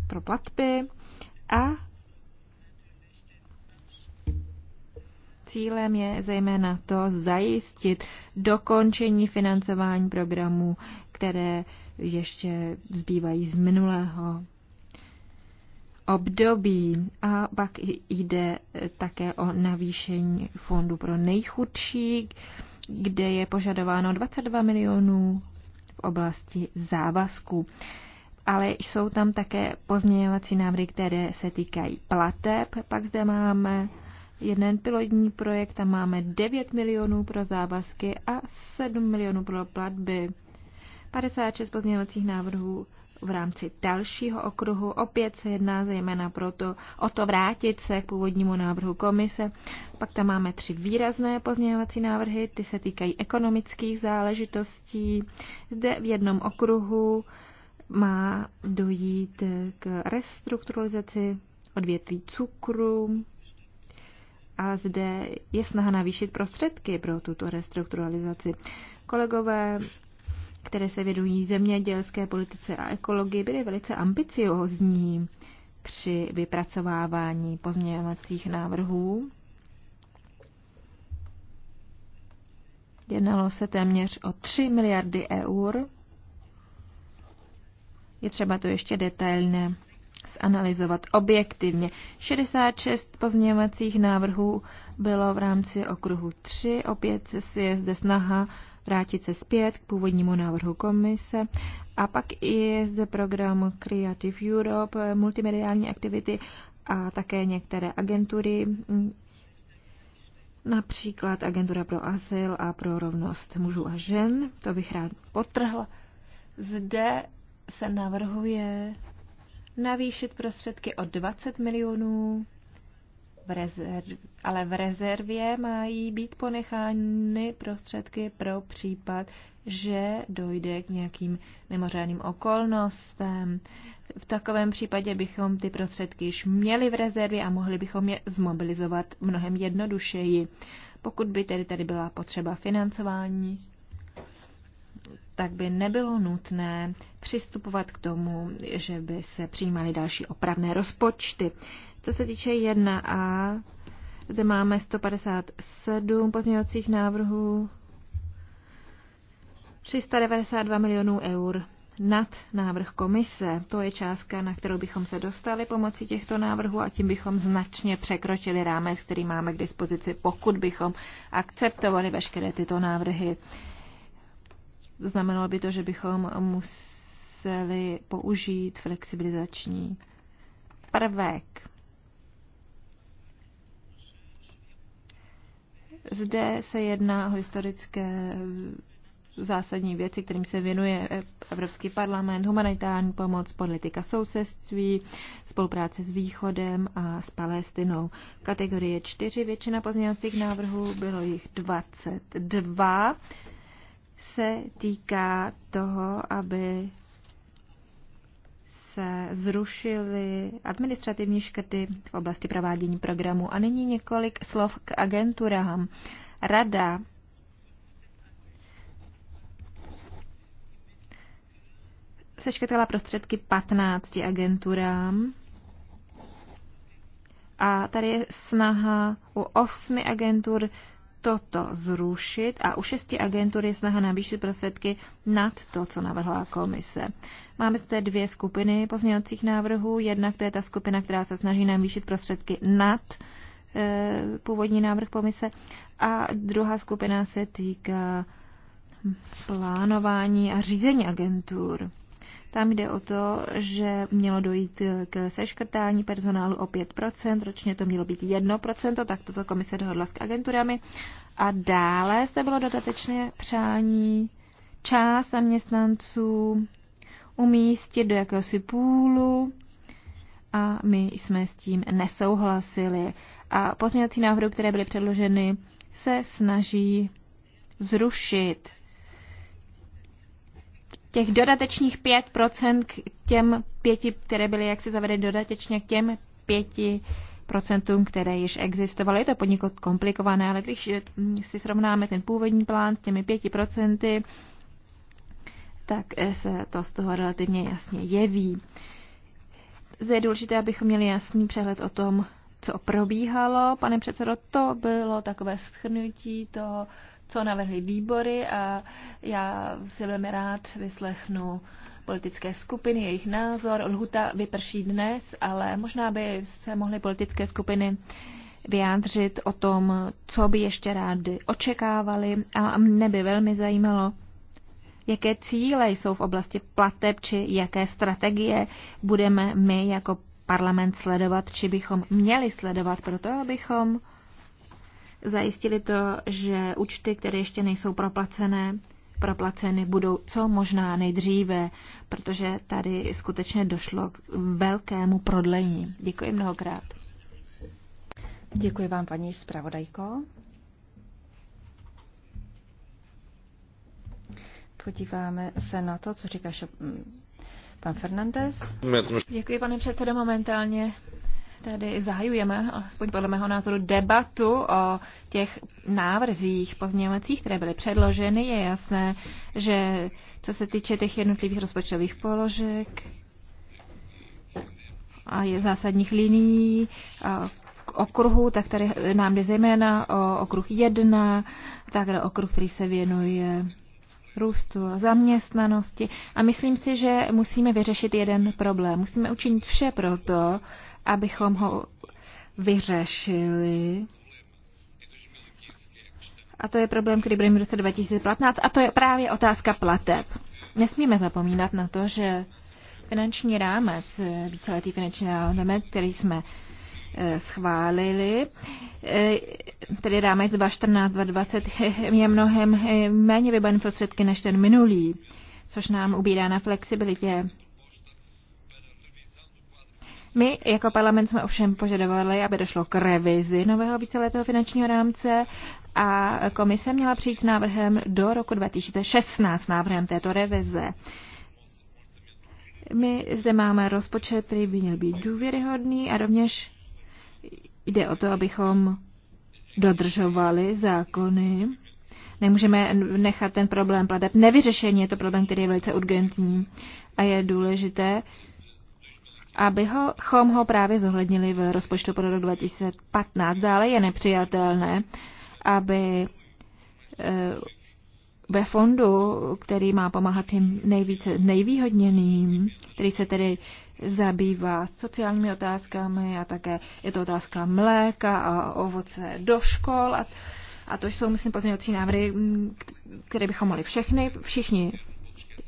pro platby a Cílem je zejména to zajistit dokončení financování programů, které ještě zbývají z minulého období. A pak jde také o navýšení fondu pro nejchudší, kde je požadováno 22 milionů v oblasti závazků. Ale jsou tam také pozměňovací návrhy, které se týkají plateb. Pak zde máme jeden pilotní projekt, a máme 9 milionů pro závazky a 7 milionů pro platby. 56 pozměňovacích návrhů v rámci dalšího okruhu. Opět se jedná zejména proto o to vrátit se k původnímu návrhu komise. Pak tam máme tři výrazné pozměňovací návrhy, ty se týkají ekonomických záležitostí. Zde v jednom okruhu má dojít k restrukturalizaci odvětví cukru, a zde je snaha navýšit prostředky pro tuto restrukturalizaci. Kolegové, které se věnují zemědělské politice a ekologii, byly velice ambiciozní při vypracovávání pozměňovacích návrhů. Jednalo se téměř o 3 miliardy eur. Je třeba to ještě detailně zanalizovat objektivně. 66 pozměňovacích návrhů bylo v rámci okruhu 3. Opět je zde snaha vrátit se zpět k původnímu návrhu komise. A pak je zde program Creative Europe, multimediální aktivity a také některé agentury, například Agentura pro asyl a pro rovnost mužů a žen. To bych rád potrhl. Zde se navrhuje navýšit prostředky o 20 milionů, v rezerv, ale v rezervě mají být ponechány prostředky pro případ, že dojde k nějakým mimořádným okolnostem. V takovém případě bychom ty prostředky již měli v rezervě a mohli bychom je zmobilizovat mnohem jednodušeji, pokud by tedy tady byla potřeba financování tak by nebylo nutné přistupovat k tomu, že by se přijímaly další opravné rozpočty. Co se týče 1a, zde máme 157 pozměňovacích návrhů, 392 milionů eur nad návrh komise. To je částka, na kterou bychom se dostali pomocí těchto návrhů a tím bychom značně překročili rámec, který máme k dispozici, pokud bychom akceptovali veškeré tyto návrhy. Znamenalo by to, že bychom museli použít flexibilizační prvek. Zde se jedná o historické zásadní věci, kterým se věnuje Evropský parlament, humanitární pomoc, politika sousedství, spolupráce s Východem a s Palestinou. Kategorie 4 většina pozměňovacích návrhů, bylo jich 22 se týká toho, aby se zrušily administrativní škrty v oblasti provádění programu. A nyní několik slov k agenturám. Rada seškrtala prostředky 15 agenturám. A tady je snaha u osmi agentur toto zrušit a u šesti agentur je snaha navýšit prostředky nad to, co navrhla komise. Máme zde dvě skupiny pozměňovacích návrhů. Jednak to je ta skupina, která se snaží navýšit prostředky nad e, původní návrh komise a druhá skupina se týká plánování a řízení agentur. Tam jde o to, že mělo dojít eh, k seškrtání personálu o 5%, ročně to mělo být 1%, tak toto komise dohodla s agenturami. A dále se bylo dodatečné přání část zaměstnanců umístit do jakéhosi půlu a my jsme s tím nesouhlasili. A pozměňovací návrhy, které byly předloženy, se snaží zrušit těch dodatečných 5% k těm pěti, které byly jaksi zavedeny dodatečně k těm pěti procentům, které již existovaly. Je to poněkud komplikované, ale když eh, si srovnáme ten původní plán s těmi pěti procenty, tak eh, se to z toho relativně jasně jeví. Zde je důležité, abychom měli jasný přehled o tom, co probíhalo. Pane předsedo, to bylo takové schrnutí toho, co navrhly výbory a já si velmi rád vyslechnu politické skupiny, jejich názor. Lhuta vyprší dnes, ale možná by se mohly politické skupiny vyjádřit o tom, co by ještě rádi očekávali a mne by velmi zajímalo, jaké cíle jsou v oblasti plateb či jaké strategie budeme my jako parlament sledovat, či bychom měli sledovat proto, abychom zajistili to, že účty, které ještě nejsou proplacené, proplaceny budou co možná nejdříve, protože tady skutečně došlo k velkému prodlení. Děkuji mnohokrát. Děkuji vám, paní zpravodajko. Podíváme se na to, co říkáš pan Fernandez. Děkuji, pane předsedo. Momentálně Tady zahajujeme, aspoň podle mého názoru, debatu o těch návrzích pozměňovacích, které byly předloženy. Je jasné, že co se týče těch jednotlivých rozpočtových položek a je zásadních linií a okruhu, tak tady nám jde zejména o okruh 1, tak okruh, který se věnuje růstu, zaměstnanosti. A myslím si, že musíme vyřešit jeden problém. Musíme učinit vše pro to, abychom ho vyřešili. A to je problém, který bude mít v roce 2015, a to je právě otázka plateb. Nesmíme zapomínat na to, že finanční rámec, víceletý finanční rámec, který jsme eh, schválili. Eh, tedy rámec 2014-2020 je mnohem eh, méně vybaný prostředky než ten minulý, což nám ubírá na flexibilitě. My jako parlament jsme ovšem požadovali, aby došlo k revizi nového víceletého finančního rámce a komise měla přijít s návrhem do roku 2016, návrhem této revize. My zde máme rozpočet, který by měl být důvěryhodný a rovněž jde o to, abychom dodržovali zákony. Nemůžeme nechat ten problém pladat nevyřešení, je to problém, který je velice urgentní a je důležité, abychom ho právě zohlednili v rozpočtu pro rok 2015. Dále je nepřijatelné, aby eh, ve fondu, který má pomáhat tím nejvíce, nejvýhodněným, který se tedy zabývá sociálními otázkami a také je to otázka mléka a ovoce do škol. A, a to jsou, myslím, pozměňovací návrhy, které bychom mohli všechny, všichni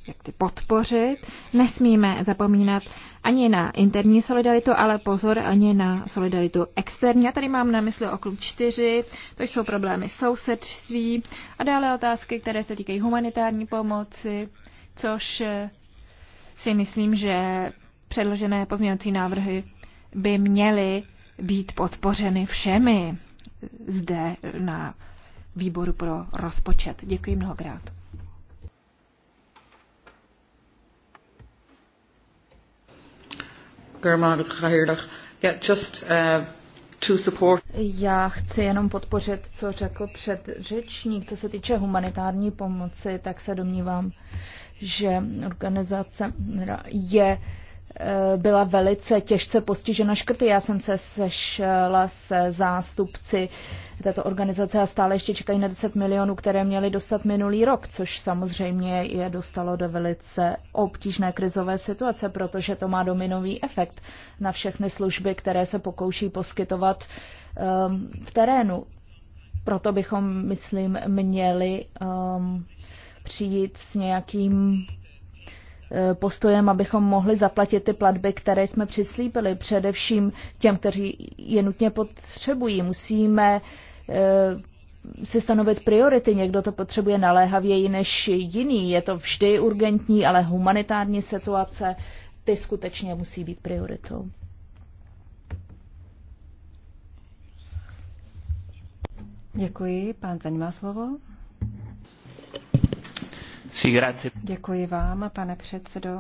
jak ty podpořit. Nesmíme zapomínat ani na interní solidaritu, ale pozor ani na solidaritu externí. Já tady mám na mysli okruh čtyři, to jsou problémy sousedství a dále otázky, které se týkají humanitární pomoci, což eh, si myslím, že předložené pozměňovací návrhy by měly být podpořeny všemi zde na výboru pro rozpočet. Děkuji mnohokrát. Uh, Já chci jenom podpořit, co řekl předřečník. Co se týče humanitární pomoci, tak se domnívám, že organizace je uh, Eh, byla velice těžce postižena škrty. Já jsem se sešla se zástupci této organizace a stále ještě čekají na 10 milionů, které měly dostat minulý rok, což samozřejmě je dostalo do velice obtížné krizové situace, protože to má dominový efekt na všechny služby, které se pokouší poskytovat um, v terénu. Proto bychom, myslím, měli um, přijít s nějakým E, postojem, abychom mohli zaplatit ty platby, které jsme přislíbili, především těm, kteří je nutně potřebují. Musíme e, si stanovit priority. Někdo to potřebuje naléhavěji než jiný. Je to vždy urgentní, ale humanitární situace, ty skutečně musí být prioritou. Děkuji. Pán Zaň má slovo. Děkuji vám, pane předsedo.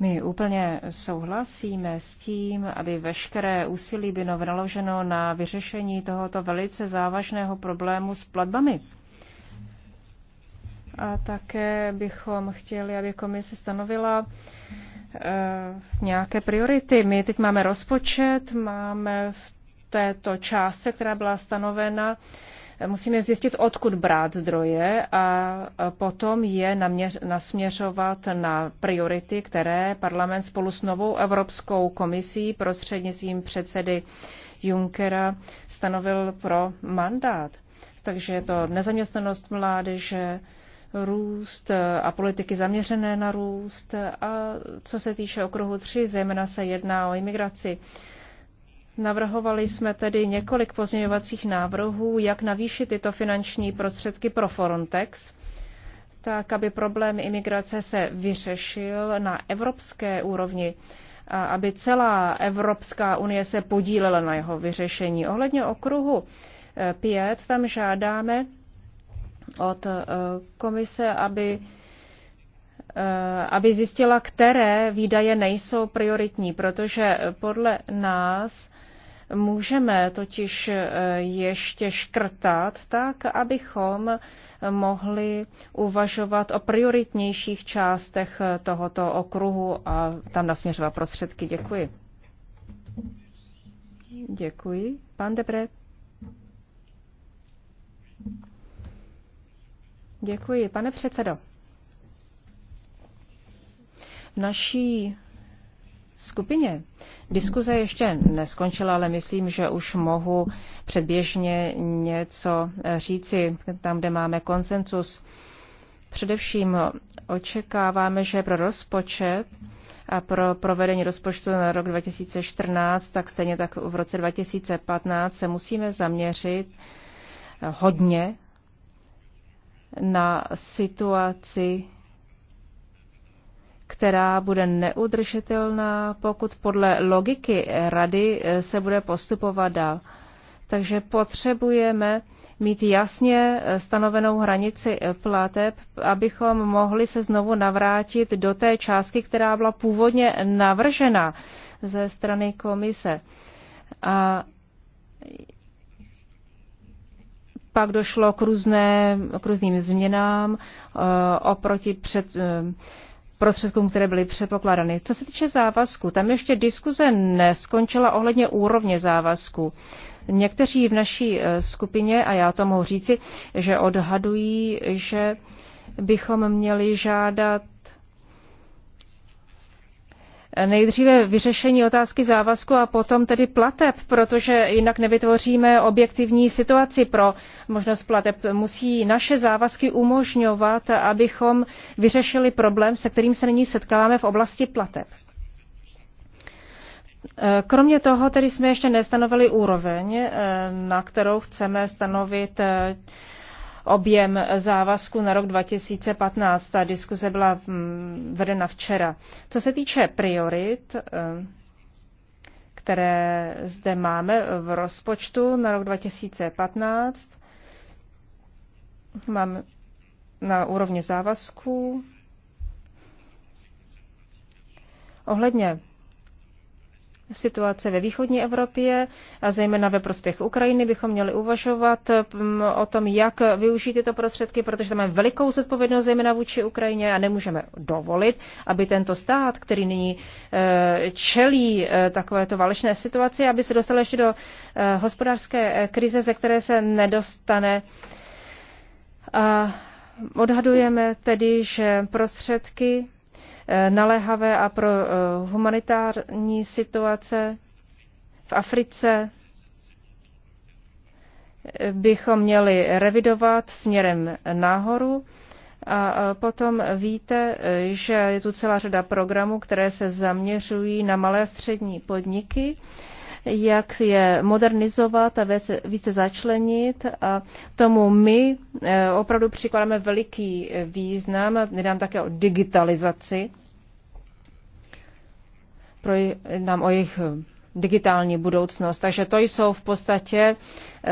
My úplně souhlasíme s tím, aby veškeré úsilí bylo vynaloženo na vyřešení tohoto velice závažného problému s platbami. A také bychom chtěli, aby komise stanovila uh, nějaké priority. My teď máme rozpočet, máme v této části, která byla stanovena, uh, Musíme zjistit, odkud brát zdroje a potom je naměř, nasměřovat na priority, které parlament spolu s novou Evropskou komisí prostřednictvím předsedy Junckera stanovil pro mandát. Takže je to nezaměstnanost mládeže, růst a politiky zaměřené na růst. A co se týče okruhu 3, zejména se jedná o imigraci. Navrhovali jsme tedy několik pozměňovacích návrhů, jak navýšit tyto finanční prostředky pro Frontex, tak aby problém imigrace se vyřešil na evropské úrovni a aby celá Evropská unie se podílela na jeho vyřešení. Ohledně okruhu 5 eh, tam žádáme od eh, komise, aby eh, aby zjistila, které výdaje nejsou prioritní, protože podle nás Můžeme totiž eh, ještě škrtat tak, abychom mohli uvažovat o prioritnějších částech eh, tohoto okruhu a tam nasměřovat prostředky. Děkuji. Děkuji. Pan Debre. Děkuji, pane předsedo. V naší skupině. Diskuze ještě neskončila, ale myslím, že už mohu předběžně něco eh, říci, tam, kde máme konsensus. Především očekáváme, že pro rozpočet a pro provedení rozpočtu na rok 2014, tak stejně tak v roce 2015 se musíme zaměřit eh, hodně na situaci která bude neudržitelná, pokud podle logiky rady eh, se bude postupovat dál. Takže potřebujeme mít jasně eh, stanovenou hranici eh, plateb, abychom mohli se znovu navrátit do té částky, která byla původně navržena ze strany komise. A pak došlo k, různé, k různým změnám oproti před prostředkům, které byly přepokladany. Co se týče závazku, tam ještě diskuze neskončila ohledně úrovně závazku. Někteří v naší eh, skupině, a já to mohu říci, že odhadují, že bychom měli žádat nejdříve vyřešení otázky závazku a potom tedy plateb, protože jinak nevytvoříme objektivní situaci pro možnost plateb. Musí naše závazky umožňovat, abychom vyřešili problém, se kterým se nyní setkáváme v oblasti plateb. Kromě toho tedy jsme ještě nestanovili úroveň, na kterou chceme stanovit objem závazku na rok 2015. Ta diskuze byla mm, vedena včera. Co se týče priorit, eh, které zde máme v rozpočtu na rok 2015, mám na úrovni závazků. Ohledně situace ve východní Evropě a zejména ve prospěch Ukrajiny bychom měli uvažovat mm, o tom, jak využít tyto prostředky, protože tam máme velikou zodpovědnost zejména vůči Ukrajině a nemůžeme dovolit, aby tento stát, který nyní eh, čelí eh, takovéto válečné situaci, aby se dostal ještě do eh, hospodářské krize, ze které se nedostane. A odhadujeme tedy, že prostředky naléhavé a pro eh, humanitární situace v Africe eh, bychom měli revidovat směrem nahoru. A potom víte, eh, že je tu celá řada programů, které se zaměřují na malé a střední podniky jak je modernizovat a více začlenit. A tomu my eh, opravdu přikládáme veliký eh, význam, nedám také o digitalizaci, pro nám o jejich eh, digitální budoucnost. Takže to jsou v podstatě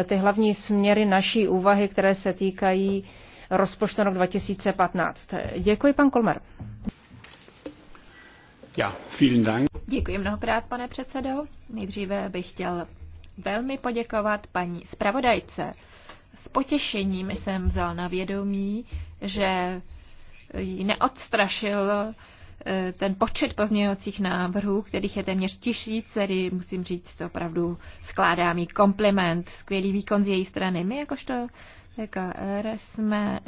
ty hlavní směry naší úvahy, které se týkají rozpočtu rok 2015. Děkuji, pan Kolmer. Ja, vielen Dank. Děkuji mnohokrát, pane předsedo. Nejdříve bych chtěl velmi poděkovat paní zpravodajce. S potěšením jsem vzal na vědomí, že ji neodstrašil e, ten počet pozměňovacích návrhů, kterých je téměř tisíc, tedy musím říct, opravdu skládá mi kompliment, skvělý výkon z její strany. My jakožto EKR jsme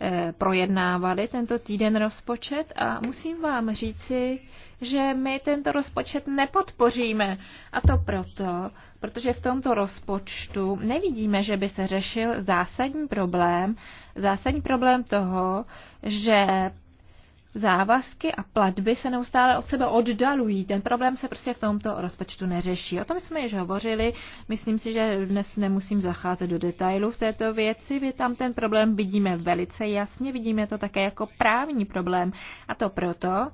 Eh, projednávali tento týden rozpočet a musím vám říci, že my tento rozpočet nepodpoříme. A to proto, protože v tomto rozpočtu nevidíme, že by se řešil zásadní problém, zásadní problém toho, že závazky a platby se neustále od sebe oddalují. Ten problém se prostě v tomto rozpočtu neřeší. O tom jsme již hovořili. Myslím si, že dnes nemusím zacházet do detailů v této věci. Vy tam ten problém vidíme velice jasně. Vidíme to také jako právní problém. A to proto,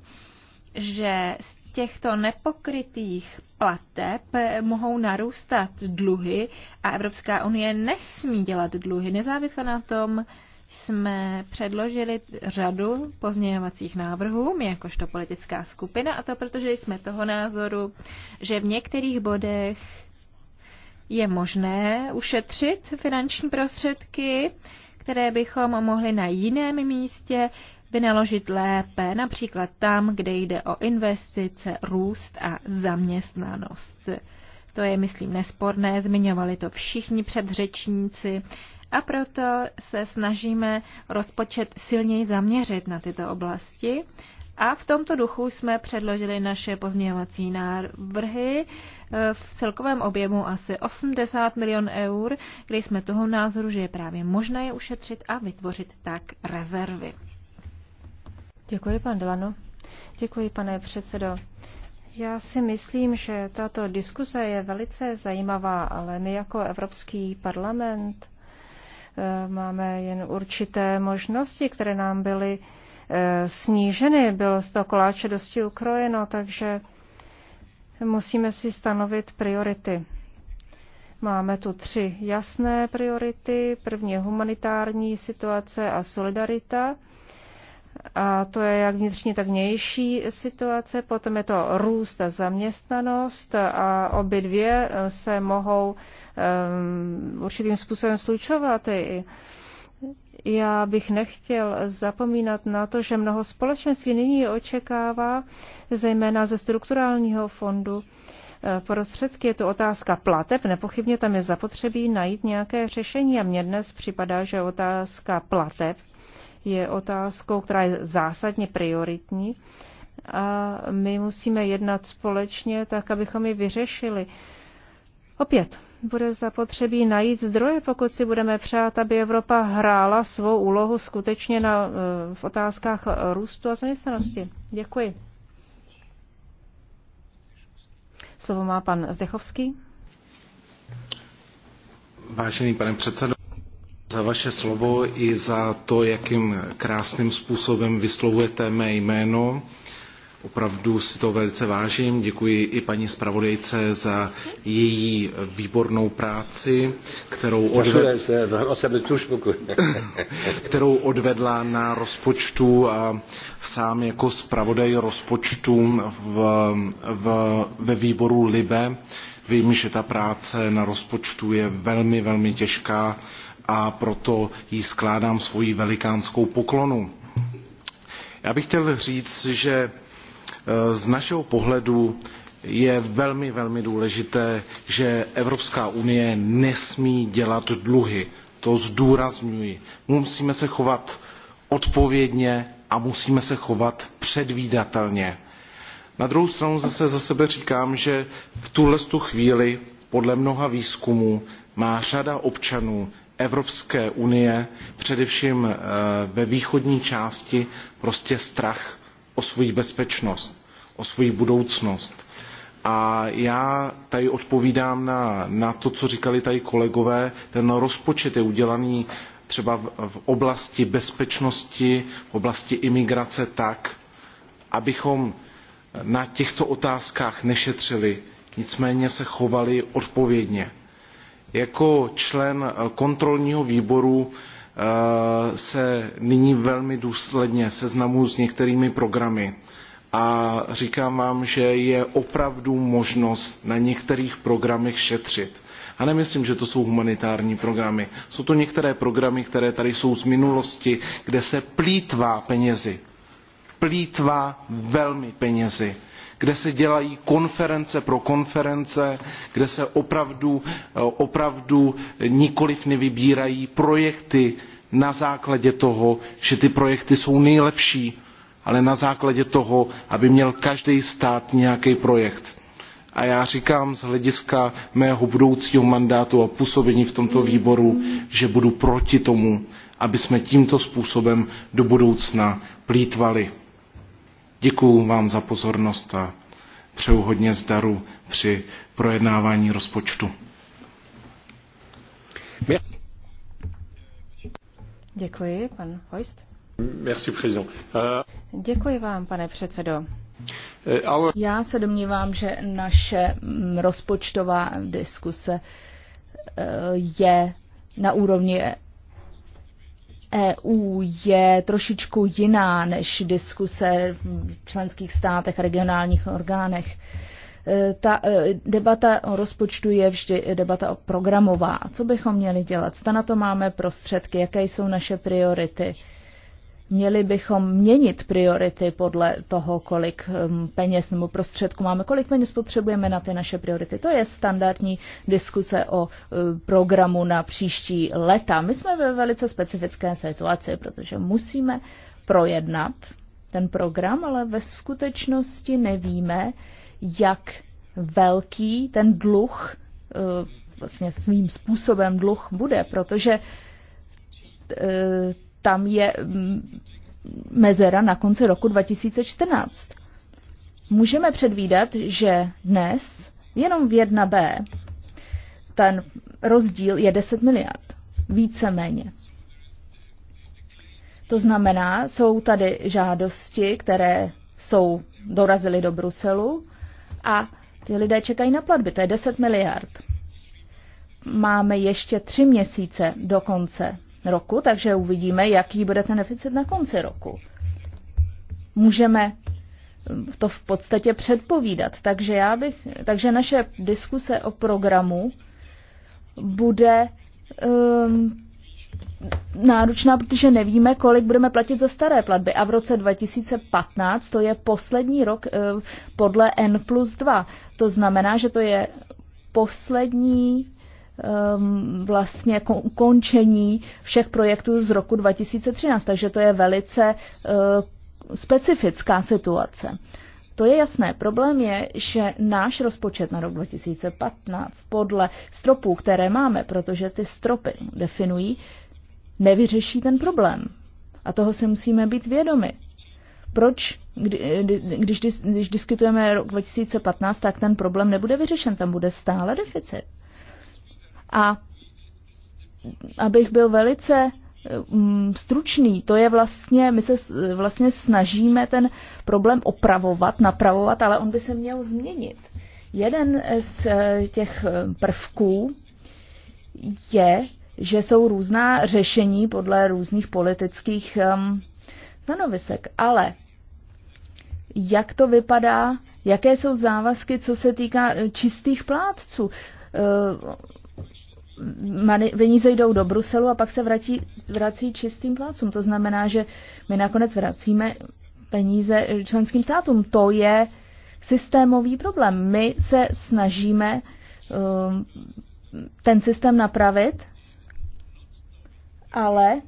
že z těchto nepokrytých plateb mohou narůstat dluhy a Evropská unie nesmí dělat dluhy, nezávisle na tom, jsme předložili řadu pozměňovacích návrhů, my jakožto politická skupina, a to protože jsme toho názoru, že v některých bodech je možné ušetřit finanční prostředky, které bychom mohli na jiném místě vynaložit lépe, například tam, kde jde o investice, růst a zaměstnanost. To je, myslím, nesporné, zmiňovali to všichni předřečníci a proto se snažíme rozpočet silněji zaměřit na tyto oblasti. A v tomto duchu jsme předložili naše pozměňovací návrhy e, v celkovém objemu asi 80 milion eur, kde jsme toho názoru, že je právě možné je ušetřit a vytvořit tak rezervy. Děkuji, pan Delano. Děkuji, pane předsedo. Já si myslím, že tato diskuse je velice zajímavá, ale my jako Evropský parlament Eh, máme jen určité možnosti, které nám byly eh, sníženy. Bylo z toho koláče dosti ukrojeno, takže musíme si stanovit priority. Máme tu tři jasné priority. První je humanitární situace a solidarita. A to je jak vnitřní, tak vnější situace. Potom je to růst a zaměstnanost a obě dvě eh, se mohou um, určitým způsobem slučovat. Já bych nechtěl zapomínat na to, že mnoho společenství nyní očekává, zejména ze strukturálního fondu, eh, prostředky. Je to otázka plateb, nepochybně tam je zapotřebí najít nějaké řešení a mně dnes připadá, že otázka plateb je otázkou, která je zásadně prioritní a my musíme jednat společně tak, abychom ji vyřešili. Opět, bude zapotřebí najít zdroje, pokud si budeme přát, aby Evropa hrála svou úlohu skutečně na, eh, v otázkách růstu a zaměstnanosti. Děkuji. Slovo má pan Zdechovský. Vážený pane předsedo, za vaše slovo i za to, jakým krásným způsobem vyslovujete mé jméno. Opravdu si to velice vážím. Děkuji i paní zpravodajce za její výbornou práci, kterou, odved... (laughs) kterou odvedla na rozpočtu a sám jako zpravodaj rozpočtu v, v, ve výboru LIBE. Vím, že ta práce na rozpočtu je velmi, velmi těžká a proto jí skládám svoji velikánskou poklonu. Já bych chtěl říct, že e, z našeho pohledu je velmi, velmi důležité, že Evropská unie nesmí dělat dluhy. To zdůrazňuji. Musíme se chovat odpovědně a musíme se chovat předvídatelně. Na druhou stranu zase za sebe říkám, že v tuhle chvíli podle mnoha výzkumů má řada občanů Evropské unie, především eh, ve východní části, prostě strach o svoji bezpečnost, o svoji budoucnost. A já tady odpovídám na, na to, co říkali tady kolegové. Ten rozpočet je udělaný třeba v, v oblasti bezpečnosti, v oblasti imigrace tak, abychom na těchto otázkách nešetřili, nicméně se chovali odpovědně jako člen eh, kontrolního výboru eh, se nyní velmi důsledně seznamuji s některými programy a říkám vám, že je opravdu možnost na některých programech šetřit. A nemyslím, že to jsou humanitární programy. Jsou to některé programy, které tady jsou z minulosti, kde se plítvá penězi. Plítvá velmi penězi kde se dělají konference pro konference, kde se opravdu, nikoliv nevybírají projekty na základě toho, že ty projekty jsou nejlepší, ale na základě toho, aby měl každý stát nějaký projekt. A já říkám z hlediska mého budoucího mandátu a působení v tomto výboru, že budu proti tomu, aby jsme tímto způsobem do budoucna plýtvali. Děkuji vám za pozornost a přeju hodně zdaru při projednávání rozpočtu. Děkuji, pan Hoist. Merci, président. Euh, Děkuji vám, pane předsedo. Euh, Já se domnívám, že naše mm, rozpočtová diskuse euh, je na úrovni EU je trošičku jiná než diskuse v členských státech a regionálních orgánech. E, ta e, debata o rozpočtu je vždy debata o programová. Co bychom měli dělat? Zda na to máme prostředky, jaké jsou naše priority? Měli bychom měnit priority podle toho, kolik um, peněz nebo prostředku máme, kolik peněz potřebujeme na ty naše priority. To je standardní diskuse o uh, programu na příští leta. My jsme ve velice specifické situaci, protože musíme projednat ten program, ale ve skutečnosti nevíme, jak velký ten dluh, uh, vlastně svým způsobem dluh bude, protože uh, tam je mm, mezera na konci roku 2014. Můžeme předvídat, že dnes jenom v 1B ten rozdíl je 10 miliard. Více méně. To znamená, jsou tady žádosti, které jsou dorazily do Bruselu a ty lidé čekají na platby. To je 10 miliard. Máme ještě tři měsíce do konce roku, takže uvidíme, jaký bude ten deficit na konci roku. Můžeme to v podstatě předpovídat. Takže, já bych, takže naše diskuse o programu bude um, náročná, protože nevíme, kolik budeme platit za staré platby. A v roce 2015 to je poslední rok eh, podle N plus 2. To znamená, že to je poslední um, vlastně jako ukončení všech projektů z roku 2013, takže to je velice uh, specifická situace. To je jasné. Problém je, že náš rozpočet na rok 2015 podle stropů, které máme, protože ty stropy definují, nevyřeší ten problém. A toho si musíme být vědomi. Proč, kdy, když, když diskutujeme rok 2015, tak ten problém nebude vyřešen, tam bude stále deficit. A abych byl velice mm, stručný, to je vlastně, my se vlastně snažíme ten problém opravovat, napravovat, ale on by se měl změnit. Jeden z eh, těch eh, prvků je, že jsou různá řešení podle různých politických ehm, stanovisek, ale jak to vypadá, jaké jsou závazky, co se týká eh, čistých plátců peníze jdou do Bruselu a pak se vrací, vrací čistým plácům. To znamená, že my nakonec vracíme peníze členským státům. To je systémový problém. My se snažíme um, ten systém napravit, ale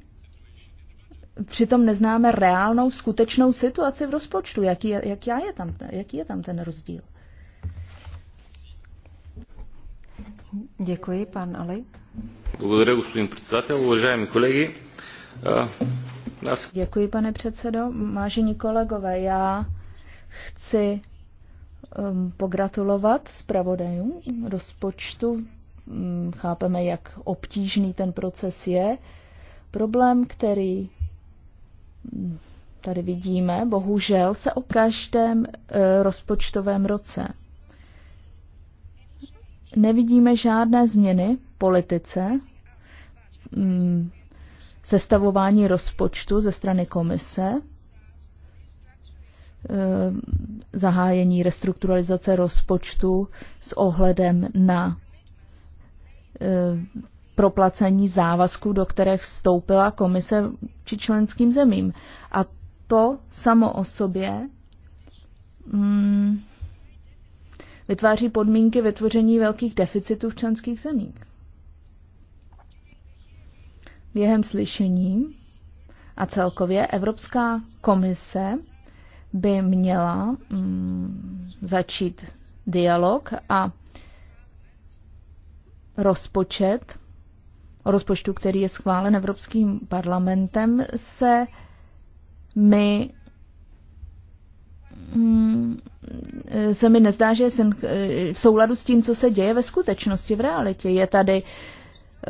přitom neznáme reálnou, skutečnou situaci v rozpočtu. Jaký, jaký, je, tam, jaký je tam ten rozdíl? Děkuji, pan Ali. Děkuji, pane předsedo. Vážení kolegové, já chci um, pogratulovat zpravodajům rozpočtu. Um, chápeme, jak obtížný ten proces je. Problém, který mm, tady vidíme, bohužel se o každém uh, rozpočtovém roce nevidíme žádné změny politice, mm, sestavování rozpočtu ze strany komise, e, zahájení restrukturalizace rozpočtu s ohledem na e, proplacení závazků, do kterých vstoupila komise či členským zemím. A to samo o sobě mm, vytváří podmínky vytvoření velkých deficitů v členských zemích. Během slyšení a celkově Evropská komise by měla mm, začít dialog a rozpočet, o rozpočtu, který je schválen Evropským parlamentem, se my Hmm, eh, se mi nezdá, že jsem eh, v souladu s tím, co se děje ve skutečnosti, v realitě. Je tady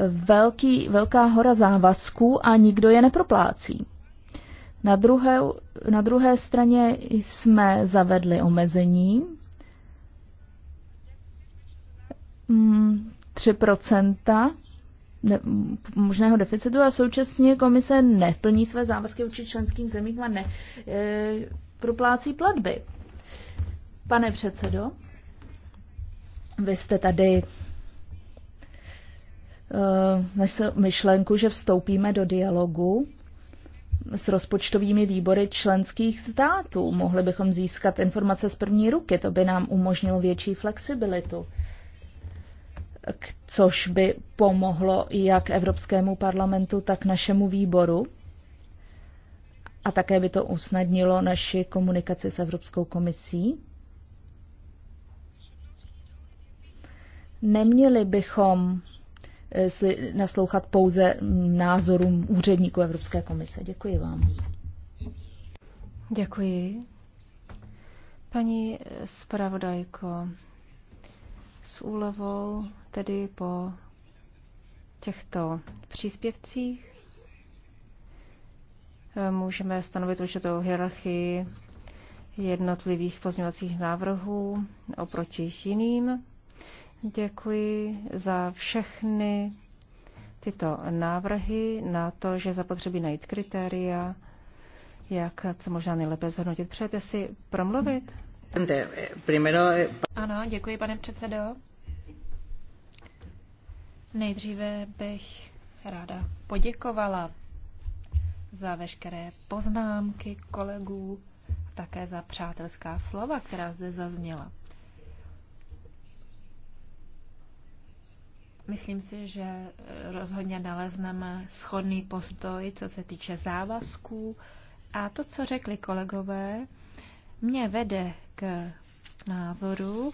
velký, velká hora závazků a nikdo je neproplácí. Na druhé, na druhé straně jsme zavedli omezení 3% hmm, možného deficitu a současně komise neplní své závazky učit členským zemím a ne, eh, proplácí platby. Pane předsedo, vy jste tady uh, myšlenku, že vstoupíme do dialogu s rozpočtovými výbory členských států. Mohli bychom získat informace z první ruky, to by nám umožnilo větší flexibilitu, což by pomohlo jak Evropskému parlamentu, tak našemu výboru a také by to usnadnilo naši komunikaci s Evropskou komisí. Neměli bychom eh, naslouchat pouze názorům úředníků Evropské komise. Děkuji vám. Děkuji. Paní zpravodajko, s úlevou tedy po těchto příspěvcích můžeme stanovit určitou hierarchii jednotlivých pozměňovacích návrhů oproti jiným. Děkuji za všechny tyto návrhy na to, že zapotřebí najít kritéria, jak co možná nejlépe zhodnotit. Přejete si promluvit? Eh, ano, děkuji, pane předsedo. Nejdříve bych ráda poděkovala za veškeré poznámky kolegů a také za přátelská slova, která zde zazněla. Myslím si, že rozhodně nalezneme schodný postoj, co se týče závazků. A to, co řekli kolegové, mě vede k názoru,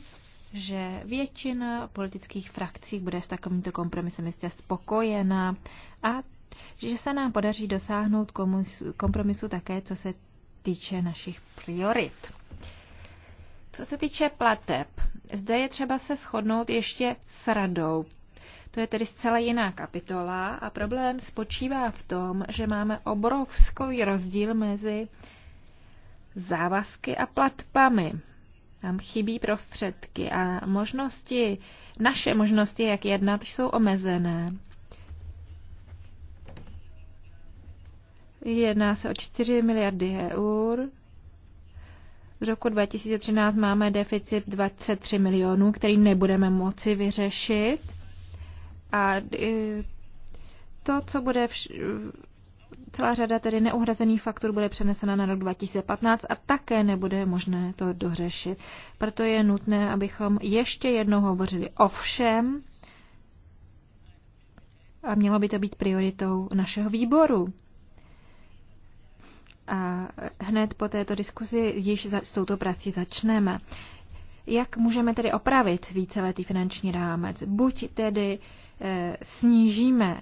že většina politických frakcí bude s takovýmto kompromisem jistě spokojená a že se nám podaří dosáhnout kompromisu také, co se týče našich priorit. Co se týče plateb, zde je třeba se shodnout ještě s radou. To je tedy zcela jiná kapitola a problém spočívá v tom, že máme obrovský rozdíl mezi závazky a platbami. Tam chybí prostředky a možnosti, naše možnosti, jak jednat, jsou omezené. Jedná se o 4 miliardy eur. Z roku 2013 máme deficit 23 milionů, který nebudeme moci vyřešit. A e, to, co bude vš- celá řada tedy neuhrazených faktur bude přenesena na rok 2015 a také nebude možné to dořešit. Proto je nutné, abychom ještě jednou hovořili o všem a mělo by to být prioritou našeho výboru. A hned po této diskuzi již za, s touto prací začneme. Jak můžeme tedy opravit víceletý finanční rámec? Buď tedy e, snížíme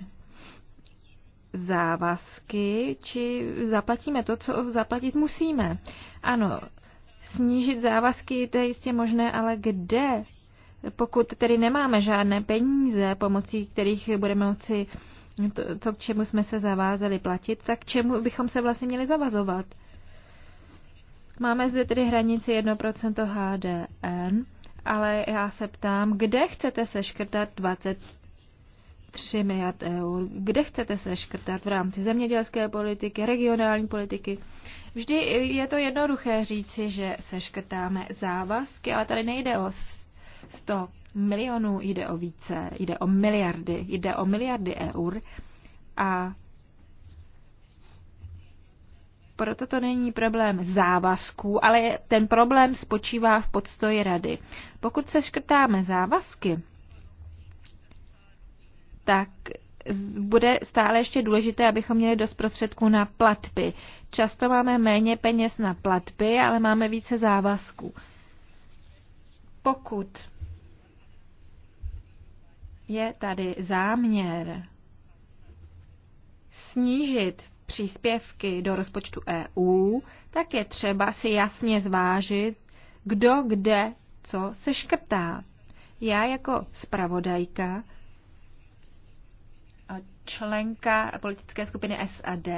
závazky, či zaplatíme to, co zaplatit musíme. Ano, snížit závazky to je jistě možné, ale kde? Pokud tedy nemáme žádné peníze, pomocí kterých budeme moci to, to, k čemu jsme se zavázali platit, tak k čemu bychom se vlastně měli zavazovat. Máme zde tedy hranici 1% HDN, ale já se ptám, kde chcete seškrtat 23 miliard eur? Kde chcete seškrtat v rámci zemědělské politiky, regionální politiky? Vždy je to jednoduché říci, že seškrtáme závazky, ale tady nejde o 100 milionů, jde o více, jde o miliardy, jde o miliardy eur a proto to není problém závazků, ale ten problém spočívá v podstoji rady. Pokud se škrtáme závazky, tak bude stále ještě důležité, abychom měli dost prostředků na platby. Často máme méně peněz na platby, ale máme více závazků. Pokud je tady záměr snížit příspěvky do rozpočtu EU, tak je třeba si jasně zvážit, kdo kde co se škrtá. Já jako zpravodajka a členka politické skupiny SAD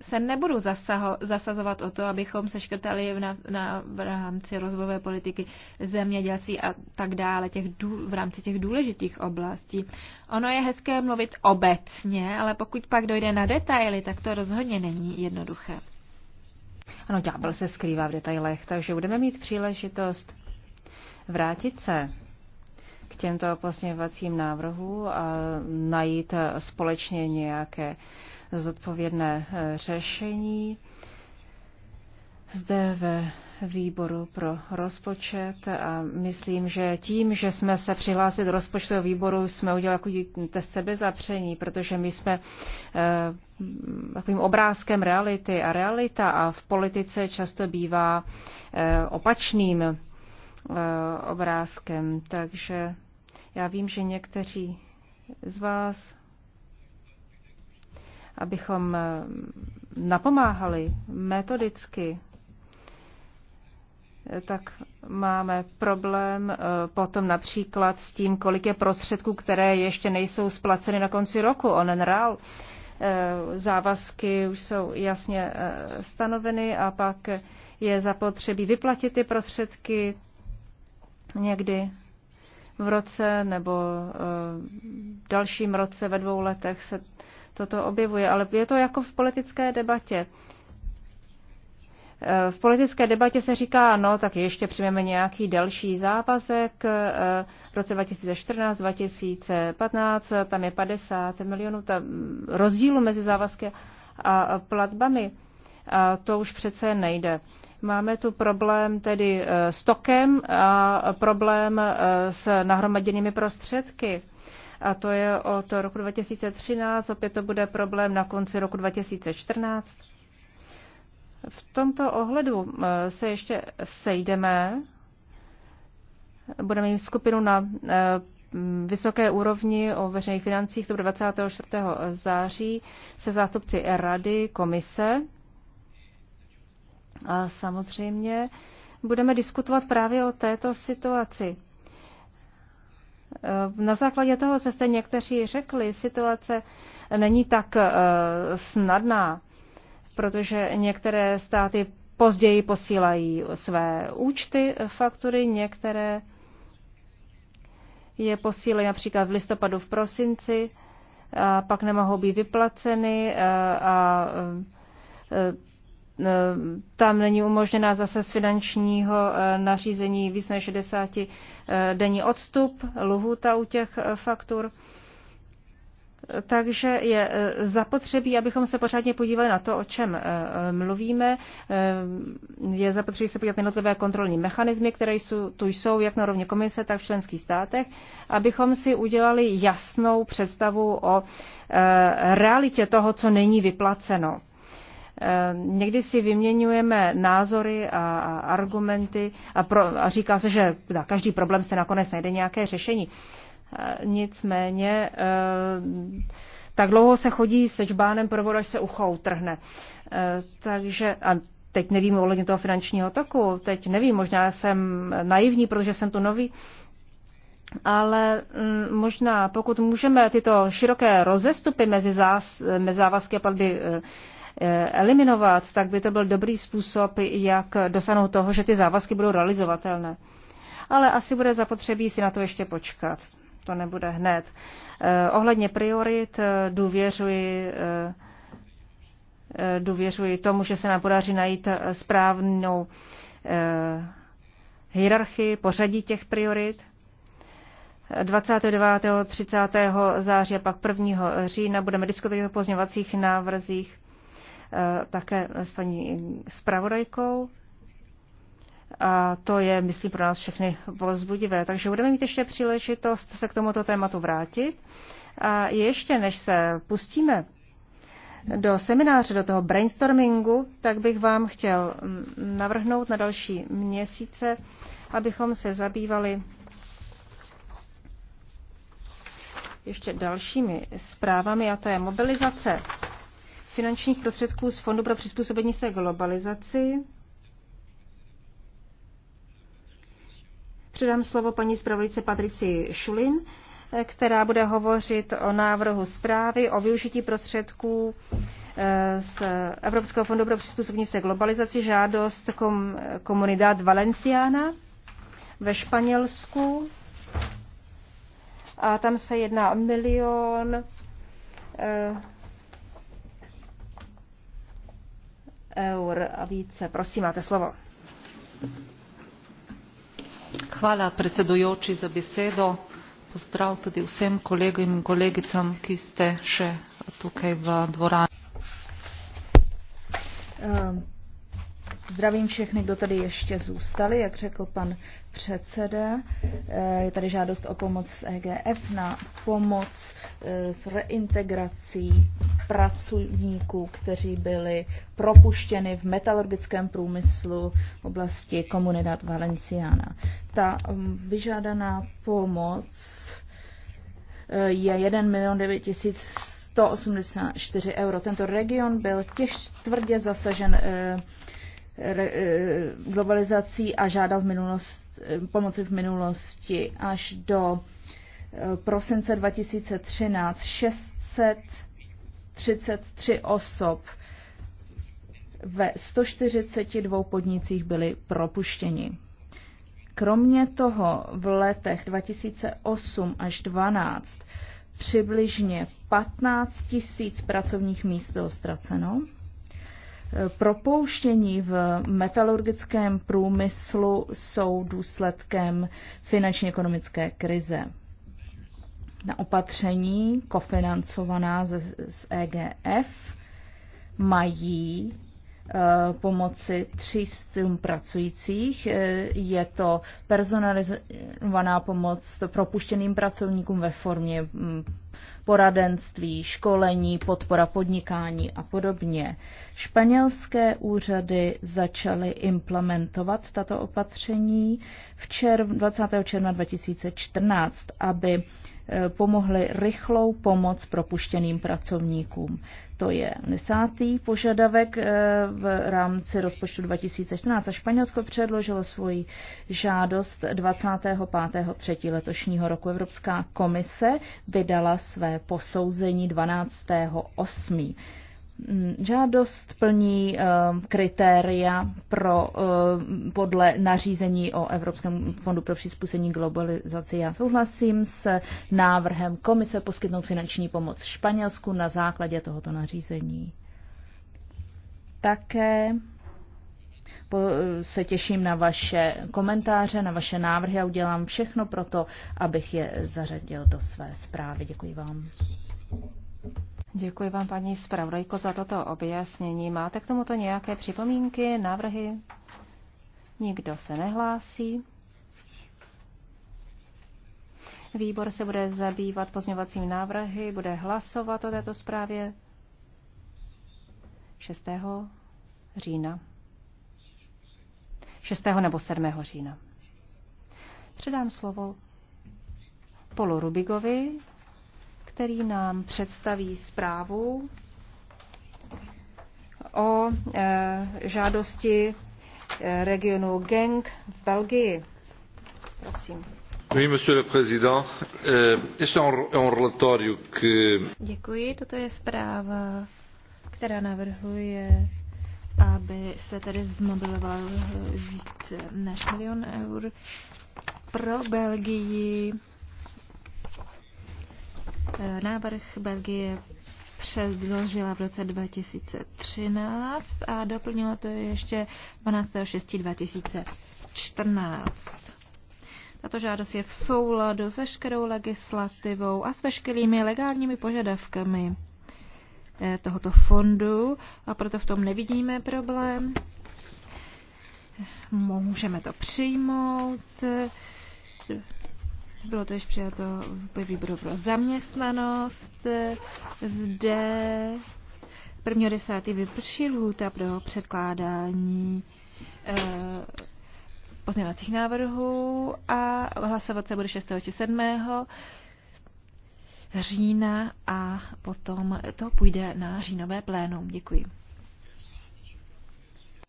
se nebudu zasaho, zasazovat o to, abychom se škrtali v, na, na, v rámci rozvojové politiky zemědělství a tak dále, těch dů, v rámci těch důležitých oblastí. Ono je hezké mluvit obecně, ale pokud pak dojde na detaily, tak to rozhodně není jednoduché. Ano, ďábel se skrývá v detailech, takže budeme mít příležitost vrátit se k těmto pozměňovacím návrhu a najít společně nějaké uh, zodpovědné eh, řešení. Zde ve výboru pro rozpočet a myslím, že tím, že jsme se přihlásili do rozpočtového výboru, jsme udělali takový test sebezapření, protože my jsme eh, takovým obrázkem reality a realita a v politice často bývá eh, opačným eh, obrázkem. Takže já vím, že někteří z vás abychom eh, napomáhali metodicky, eh, tak máme problém eh, potom například s tím, kolik je prostředků, které ještě nejsou splaceny na konci roku, onen real. Závazky už jsou jasně stanoveny a pak je zapotřebí vyplatit ty prostředky někdy v roce nebo v dalším roce ve dvou letech se toto objevuje, ale je to jako v politické debatě. Eh, v politické debatě se říká, no tak ještě přijmeme nějaký další závazek eh, v roce 2014-2015, tam je 50 milionů ta mm, rozdílu mezi závazky a platbami. A to už přece nejde. Máme tu problém tedy eh, s tokem a problém s nahromaděnými prostředky a to je od roku 2013, opět to bude problém na konci roku 2014. V tomto ohledu eh, se ještě sejdeme, budeme mít skupinu na eh, vysoké úrovni o veřejných financích, to bude 24. září, se zástupci rady, komise. A samozřejmě budeme diskutovat právě o této situaci. Na základě toho, co jste někteří řekli, situace není tak eh, snadná, protože některé státy později posílají své účty, faktury, některé je posílají například v listopadu, v prosinci, a pak nemohou být vyplaceny eh, a, a eh, Eh, tam není umožněná zase z finančního eh, nařízení víc než 60 eh, denní odstup, lhůta u těch faktur. Takže je zapotřebí, abychom se pořádně podívali na to, o čem mluvíme. Je zapotřebí se podívat na jednotlivé kontrolní mechanismy, které jsou, tu jsou jak na rovně komise, tak v členských státech, abychom si udělali jasnou představu o realitě toho, co není vyplaceno. Ehm, někdy si vyměňujeme názory a, argumenty a, pro, a říká se, že za každý problém se nakonec najde nějaké řešení. Ehm, nicméně ehm, tak dlouho se chodí se čbánem pro až se ucho utrhne. Takže a teď nevím o toho finančního toku, teď nevím, možná jsem naivní, protože jsem tu nový, ale mm, možná pokud můžeme tyto široké rozestupy mezi, zás, mezi závazky a platby Eh, eliminovat, tak by to byl dobrý způsob, jak dosáhnout toho, že ty závazky budou realizovatelné. Ale asi bude zapotřebí si na to ještě počkat. To nebude hned. Eh, ohledně priorit eh, důvěřuji důvěřuji tomu, že se nám podaří najít správnou hierarchii, pořadí těch priorit. 29. 30. září a pak 1. října budeme diskutovat o pozměňovacích návrzích Eh, také s paní zpravodajkou. A to je, myslím, pro nás všechny povzbudivé. Takže budeme mít ještě příležitost se k tomuto tématu vrátit. A ještě než se pustíme do semináře, do toho brainstormingu, tak bych vám chtěl mm, navrhnout na další měsíce, abychom se zabývali ještě dalšími zprávami, a to je mobilizace finančních prostředků z Fondu pro přizpůsobení se globalizaci. Předám slovo paní zpravodajce Patrici Šulin, která bude hovořit o návrhu zprávy o využití prostředků eh, z Evropského fondu pro přizpůsobení se globalizaci žádost kom, Comunidad Valenciana ve Španělsku. A tam se jedná o milion eh, eur a více. Prosím, máte slovo. Hvala predsedujoči za besedo. Pozdrav tudi vsem kolegom in kolegicam, ki ste še tukaj v dvorani. Um Zdravím všechny, kdo tady ještě zůstali, jak řekl pan předseda. Eh, je tady žádost o pomoc z EGF na pomoc eh, s reintegrací pracovníků, kteří byli propuštěni v metalurgickém průmyslu v oblasti Comunidad Valenciana. Ta mm, vyžádaná pomoc eh, je 1 milion 9 tisíc 184 euro. Tento region byl těž tvrdě zasažen E, globalizací a žádal v minulost, e, pomoci v minulosti až do e, prosince 2013 633 osob ve 142 podnicích byli propuštěni. Kromě toho v letech 2008 až 2012 přibližně 15 000 pracovních míst bylo ztraceno Propouštění v metalurgickém průmyslu jsou důsledkem finanční ekonomické krize. Na opatření kofinancovaná z EGF mají Eh, pomoci 300 pracujících. Eh, je to personalizovaná pomoc propuštěným pracovníkům ve formě mm, poradenství, školení, podpora podnikání a podobně. Španělské úřady začaly implementovat tato opatření v červ, 20. června 2014, aby Eh, pomohly rychlou pomoc propuštěným pracovníkům. To je desátý požadavek eh, v rámci rozpočtu 2014 a Španělsko předložilo svoji žádost 25.3. letošního roku. Evropská komise vydala své posouzení 8. Mm, žádost plní um, kritéria pro, um, podle nařízení o Evropském fondu pro přizpůsobení globalizaci. Já souhlasím s návrhem komise poskytnout finanční pomoc Španělsku na základě tohoto nařízení. Také se těším na vaše komentáře, na vaše návrhy a udělám všechno pro to, abych je zařadil do své zprávy. Děkuji vám. Děkuji vám, paní zpravodajko, za toto objasnění. Máte k tomuto nějaké připomínky, návrhy? Nikdo se nehlásí. Výbor se bude zabývat pozměňovacím návrhy, bude hlasovat o této zprávě 6. října. 6. nebo 7. října. Předám slovo Polu Rubigovi, který nám představí zprávu o e, žádosti e, regionu Genk v Belgii. Prosím. Oui, monsieur le président. Euh, un, un relatório que... Děkuji, toto je zpráva, která navrhuje aby se tady zmobiloval víc než milion eur pro Belgii Eh, návrh Belgie předložila v roce 2013 a doplnila to ještě 12.6.2014. Tato žádost je v souladu s veškerou legislativou a s veškerými legálními požadavkami eh, tohoto fondu a proto v tom nevidíme problém. Eh, můžeme to přijmout. Bylo to již přijato ve výboru pro zaměstnanost. Zde 1. 10. vyprší lhůta pro předkládání eh, pozměňovacích návrhů a hlasovat se bude 6. či 7. října a potom to půjde na říjnové plénum. Děkuji.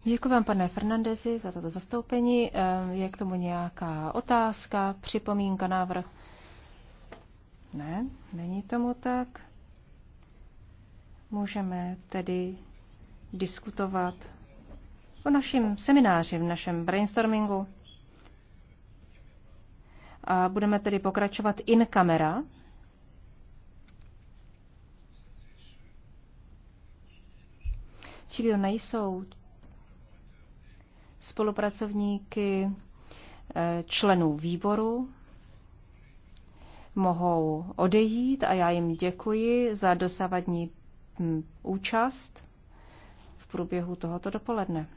Děkuji vám, pane Fernandezi, za toto zastoupení. Eh, je k tomu nějaká otázka, připomínka, návrh? Ne, není tomu tak. Můžeme tedy diskutovat o našem semináři, v našem brainstormingu. A budeme tedy pokračovat in camera. Ti, kdo nejsou spolupracovníky eh, členů výboru mohou odejít a já jim děkuji za dosavadní mm, účast v průběhu tohoto dopoledne.